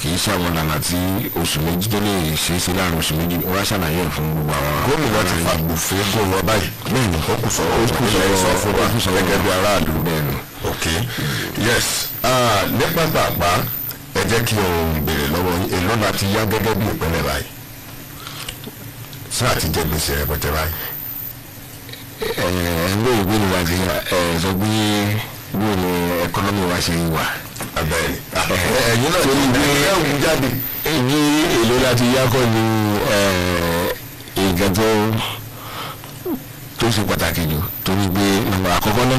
kì í ṣe àwọn ìlànà tí oṣù méjì tó lè ṣe é ṣe láàrin oṣù méjì wọ́n á ṣàlàyé ẹ̀ fún gbogbo àwọn. gómìnà ti fa gbòfin kó lọ báyìí bẹ́ẹ̀ni ó kù sọ̀rọ̀ ó kù sọ̀rọ̀ fún wa gẹ́gẹ́ bí aráàlú bẹ́ẹ̀ni. ok yes ní pàtàkì ẹ jẹ́ kí n béèrè lọ́wọ́ èló la ti yá gẹ́gẹ́ bí ìpínlẹ̀ báyìí sáà ti jẹ gbèsè rẹpẹtẹ báyìí. ẹ ẹ ń gbé ìgbéni wájú ẹ sọ pé bí ni ẹkọnọmì wa ṣe ń wà. ẹ̀yin náà ti gbé ẹ̀hún jáde. ibi èlò láti yákọ̀ lu nǹkan tó tó ṣe pàtàkì jù torí pé nàmbà àkọ́kọ́ náà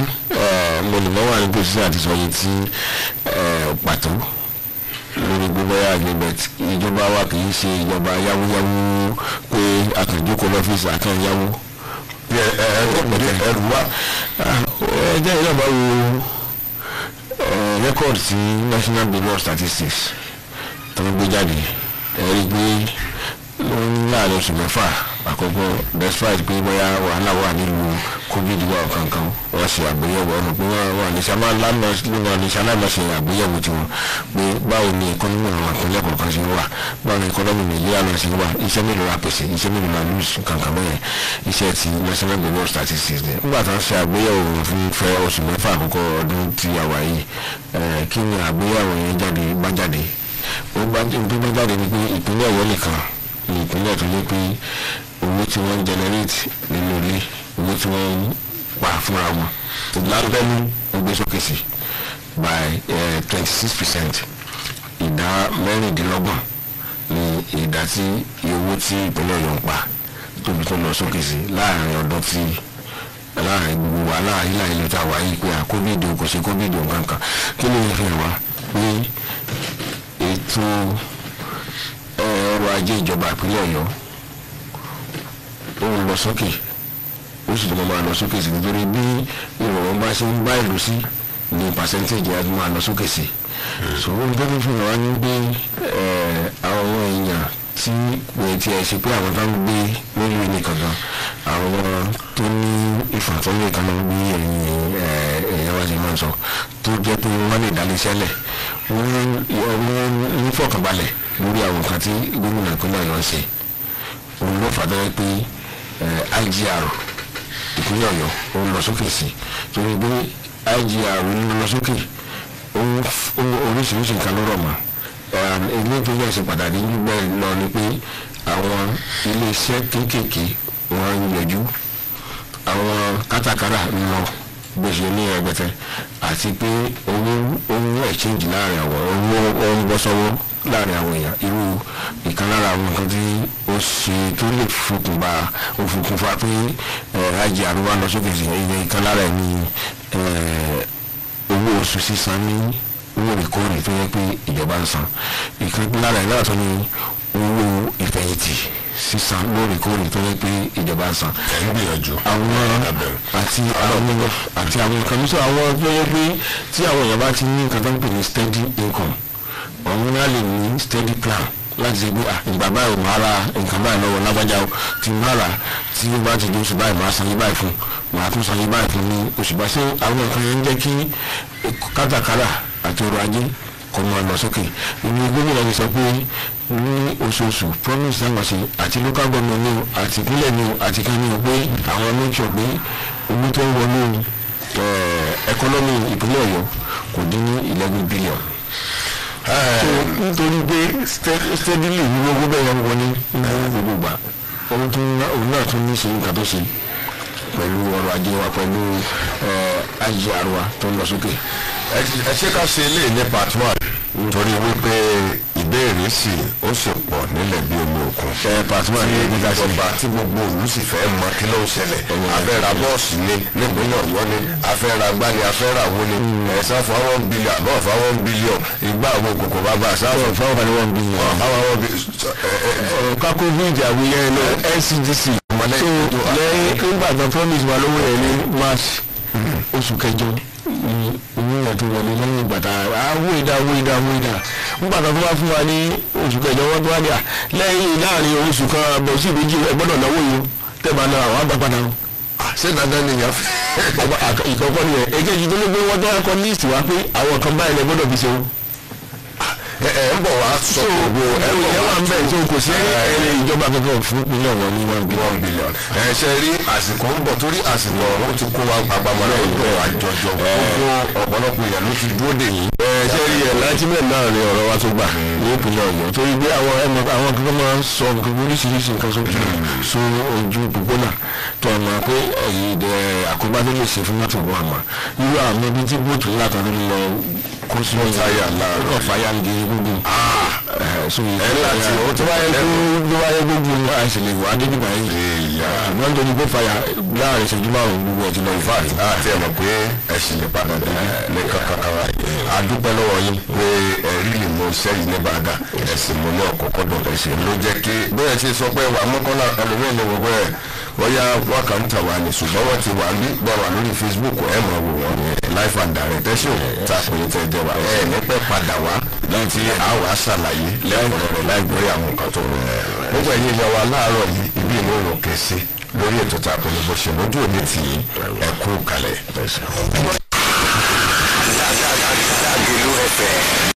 mo lè mọ́ wà ní pòṣíṣẹ́ àti sọ́yìn tí pàtó lórí gbogbo ẹ̀yà àgbègbè ìjọba wa kì í ṣe ìjọba yáwóyáwó pé àkànjókòó lọ́fíìsì àkànjáwó ẹrù wa ẹjẹ yìí náà bá wo rẹ́kọ̀dì tí National Bureau of Statistics tó ń gbé jáde ẹ̀rí pé láàrin oṣù mẹ́fà àkọ́kọ́ despite pé bóyá wàhálà wà nílùú covid wà kankan wọ́n ṣe àgbéyẹ̀wò ọ̀nà pé wọ́n wà ní sábà lánàá lónà ní sálábà ṣe àgbéyẹ̀wò tiwọn pé báwo ni ẹ̀kọ́nọ́mì àwọn àpẹẹrẹ kọ̀ọ̀kan ṣe wà báwo ni ẹ̀kọ́nọ́mì nàìjíríà náà ṣe wà iṣẹ́ mélòó la pèsè iṣẹ́ mélòó la lùs kankan bẹ́ẹ̀ iṣẹ́ ti national bureau of statistics ni nígbà tá a ṣe àgbéyẹ̀wò fún fẹ́ oṣù mẹ́fà àkọ́kọ́ ọdún tí a wà yìí kí ni àgbéyẹ̀wò yẹn jáde bá jáde ó bá jáde ni pé ìpínlẹ̀ Ọ̀yọ́ nìkan ni ìpínlẹ̀ tó yẹ pé owó tí wọ́n ń nínú ilé owó tí wọ́n pa fúnra wọn lábẹ́lú ń gbé sókè sí by eh, twenty six percent ìdá mẹ́rìndínlọ́gbọ̀n ni ìdá tí owó tí ìpínlẹ̀ Ọ̀yọ́ ń pa tóbi tó lọ sókè sí láàrin ọdún tí láàrin gbogbo wa láàrin láàrin lẹ́tà wa yìí pé àkóbídìí kò sí kóbídìí nǹkan kan kí ló ń fi wá ní ètò eh, ọrọ̀ ajé ìjọba ìpínlẹ̀ Ọ̀yọ́ ó ń lọ sókè. Okay ó sì tún máa lọ sókè sí nítorí bí ìrọ̀rùn bá ṣe ń bá ìlú sí ni percentage yẹn máa lọ sókè sí. sòwò ní tẹ́lifí fi hàn wá ní pé eh, àwọn èèyàn tí kò tí ẹ ṣe pé àwọn bá ń gbé nílùú nìkan gan àwọn tó ní ìfàtọ́lẹ̀ kan náà bí ẹ̀yìn ẹ̀yìn eh, wá ṣe máa ń sọ tó jẹ́ pé wọ́n lè dálé sẹ́lẹ̀ wọ́n ní fọkànbalẹ̀ lórí àwọn nǹkan tí gómìnà ìpínlẹ̀ ọ̀yọ́ ń ṣe òun ló fàtọ́ pé eh, IGR ìpínlẹ̀ ọ̀yọ́ ó ń lọ sókè sí torí pé IGR ń lọ sókè oríṣiríṣi nǹkan ló rọ̀ mọ́ ilé tó ṣe pàtàkì gbígbẹ́ lọ ni pé àwọn iléeṣẹ́ kéékèèké wọ́n ń yọjú àwọn kátàkárà ń lọ bó ní ẹgbẹ́tẹ́ àti pé owó owó exchange láàrin àwọn owó owó bọ́sọ́wọ́ láàrin àwọn èèyàn irú ìkan lára àwọn nǹkan tí ó ṣe tó lè fokùnfà òfokùnfà pé ajé àríwá lọ sókè sí ẹ̀yẹ ìkan lára ẹ̀ ní owó oṣù sísan ní lóòrèkóòrè tó yẹ pé ìjọba ń san ìkan lára ẹ̀ náà tó ní owó ìfẹ̀yìntì sísan lóòrèkóòrè tó yẹ pé ìjọba ń san. ẹ̀yin gbìyànjú àti àwọn àti àwọn kan àwọn tó yẹ pé tí àwọn èèyàn bá ti ní nǹkan tó ń pè ní steady income òun náà lè ní steady plan láti ṣe pé ìgbà báyìí ò máa ra nǹkan báyìí lọ́wọ́ lágbájá o ti máa rà tí ó bá ti di oṣù báyìí máa san yí báyìí fún máa tún san yí báyìí fún ní oṣù bá ṣe àwọn nǹkan yẹn ń jẹ́ kí kátàkárà àti ọrọ̀ ajé kọ́ máa lọ sókè ìlú gómìnà ti sọ pé ní oṣooṣù promise náà ṣe àti local government ni o àti ìpínlẹ̀ ni o àti kan ni o pé àwọn make sure pé owó tó ń wọnú ẹkọ́nọ́mì eh, ìpínlẹ̀ ọ̀yọ́ kò dín ní eleven billion torí pé steadily ní gbogbo bẹ́ẹ̀ ń wọlé náírà gbogbo gbà òun náà tún ní ṣe nǹkan tó ṣe pẹ̀lú ọrọ̀ ajé wa pẹ̀lú ajr wa tó ń lọ sókè. ẹ ṣe ká ṣe eléyìí ní part one torí wípé ìbéèrè sì ó sì pọ̀ nílẹ̀ bí omi òkun. ṣe pàṣípà ní ibi tá a ṣe ìjọba tí gbogbo òlu sì fẹ́ mọ kí ló ń ṣẹlẹ̀ afẹ́ra bọ́ọ̀sì ni nípínlẹ̀ ọ̀yọ́ ni afẹ́ra gbá ni afẹ́ra wo ni ẹ̀sán fún àwọn bílíọ̀ àbọ̀ fún àwọn bílíọ̀ ìgbà àwọn òkùnkùn bàbá sáfọ̀ fún àwọn àwọn bílíọ̀. ọ̀rọ̀ kákó bíjì àwùyẹ lọ NCDC so lẹ́yìn nígbà tó promise wa lówó yẹn ní March oṣù kẹjọ ìwé ọ̀tún wọlé lẹ́yìn ìgbàta àwọn ìdá àwọn ìdá àwọn ìdá nígbàtà tó bá fún wa ní oṣù kẹjọ wọn tó wá ní lẹ́yìn láàrin oṣù kan bọ̀sí méjì ẹ gbọ́dọ̀ náwó yìí tẹ́gbà náà àwọn àgbàpadà o. ṣé dandan ni ìyá ìkọ̀kọ̀ ni ẹ̀ ẹ̀kejì tó ló gbé wọ́n tó wá kọ́ o. ẹ ń bọ̀ wá sọ owó ẹ ń bọ̀ wá tó tó kò sí ẹni ìjọba kankan fún mílíọ̀n wọn ní one billion one billion ẹ ṣe rí àsìkò ń bọ̀ torí àsìkò ọ̀rọ̀ ti kó wa àpamọ́ ẹ̀dọ́ àjọjọ gbogbo ọ̀pọ̀lọpọ̀ èèyàn ló ti dúró dè yín. ẹ ṣe rí ẹ lájúmẹ̀ náà ni ọ̀rọ̀ wa tó gbà ní ìpínlẹ̀ ọ̀gbọ̀n torí pé àwọn ẹmọ àwọn kankan máa ń sọ oríṣiríṣi nǹkan sókè so ojú gbogbo tó àmọ́ pé ẹ̀yìn àkóbá tó lè ṣe fún mọ́tò bọ́ àmọ́ irú àmọ́ bíi tí bóòtù ńlá kan ló lọ kó sínú ọkọ̀ fàyàǹgì egungun. ẹ láti o tó wáyé tó tó wáyé egungun ní àìsílẹ̀ wà dédìgbà yìí. wọ́n tó ní kó fàyà láàrin ìṣẹ́jú márùn-ún gbogbo ọtí lọ ìfà àti àti ẹ̀mọ̀ pé ẹ̀sìn lè padà dé ní kankan wa. a dúpẹ́ lọ́wọ́ yín pé ẹ̀rí lè mọ iṣẹ́ yìí ní bàdà ẹ̀sìn mọ́ ní ọ̀kọ́kọ́ dọ̀tọ̀ ẹ̀sìn ló jẹ́ kí bẹ́ẹ̀ ṣe sọ pé wà mọ́kànlá ẹlòmíràn wọ́n yá wákàtí wà ní ṣùgbọ́n wọ́n ti wà ní gbọ́wà lórí Facebook ẹ̀ mọ̀ wò wọ́n yẹn life and direct ẹ ṣe tako yìí tẹ jẹ wa ẹ nípẹ́ padà wá lẹ́yìn tí a wàá ṣàlàyé lẹ́kùnrẹ́rẹ́ láì gbóyè àwọn nǹkan tó rẹ̀ gbogbo ẹ̀yin ìyá wa láàárọ̀ yìí ibi ìlú òrò kèsì lórí ètò ìtàkùn bó ṣe lójú òní tì ẹ kú kalẹ̀.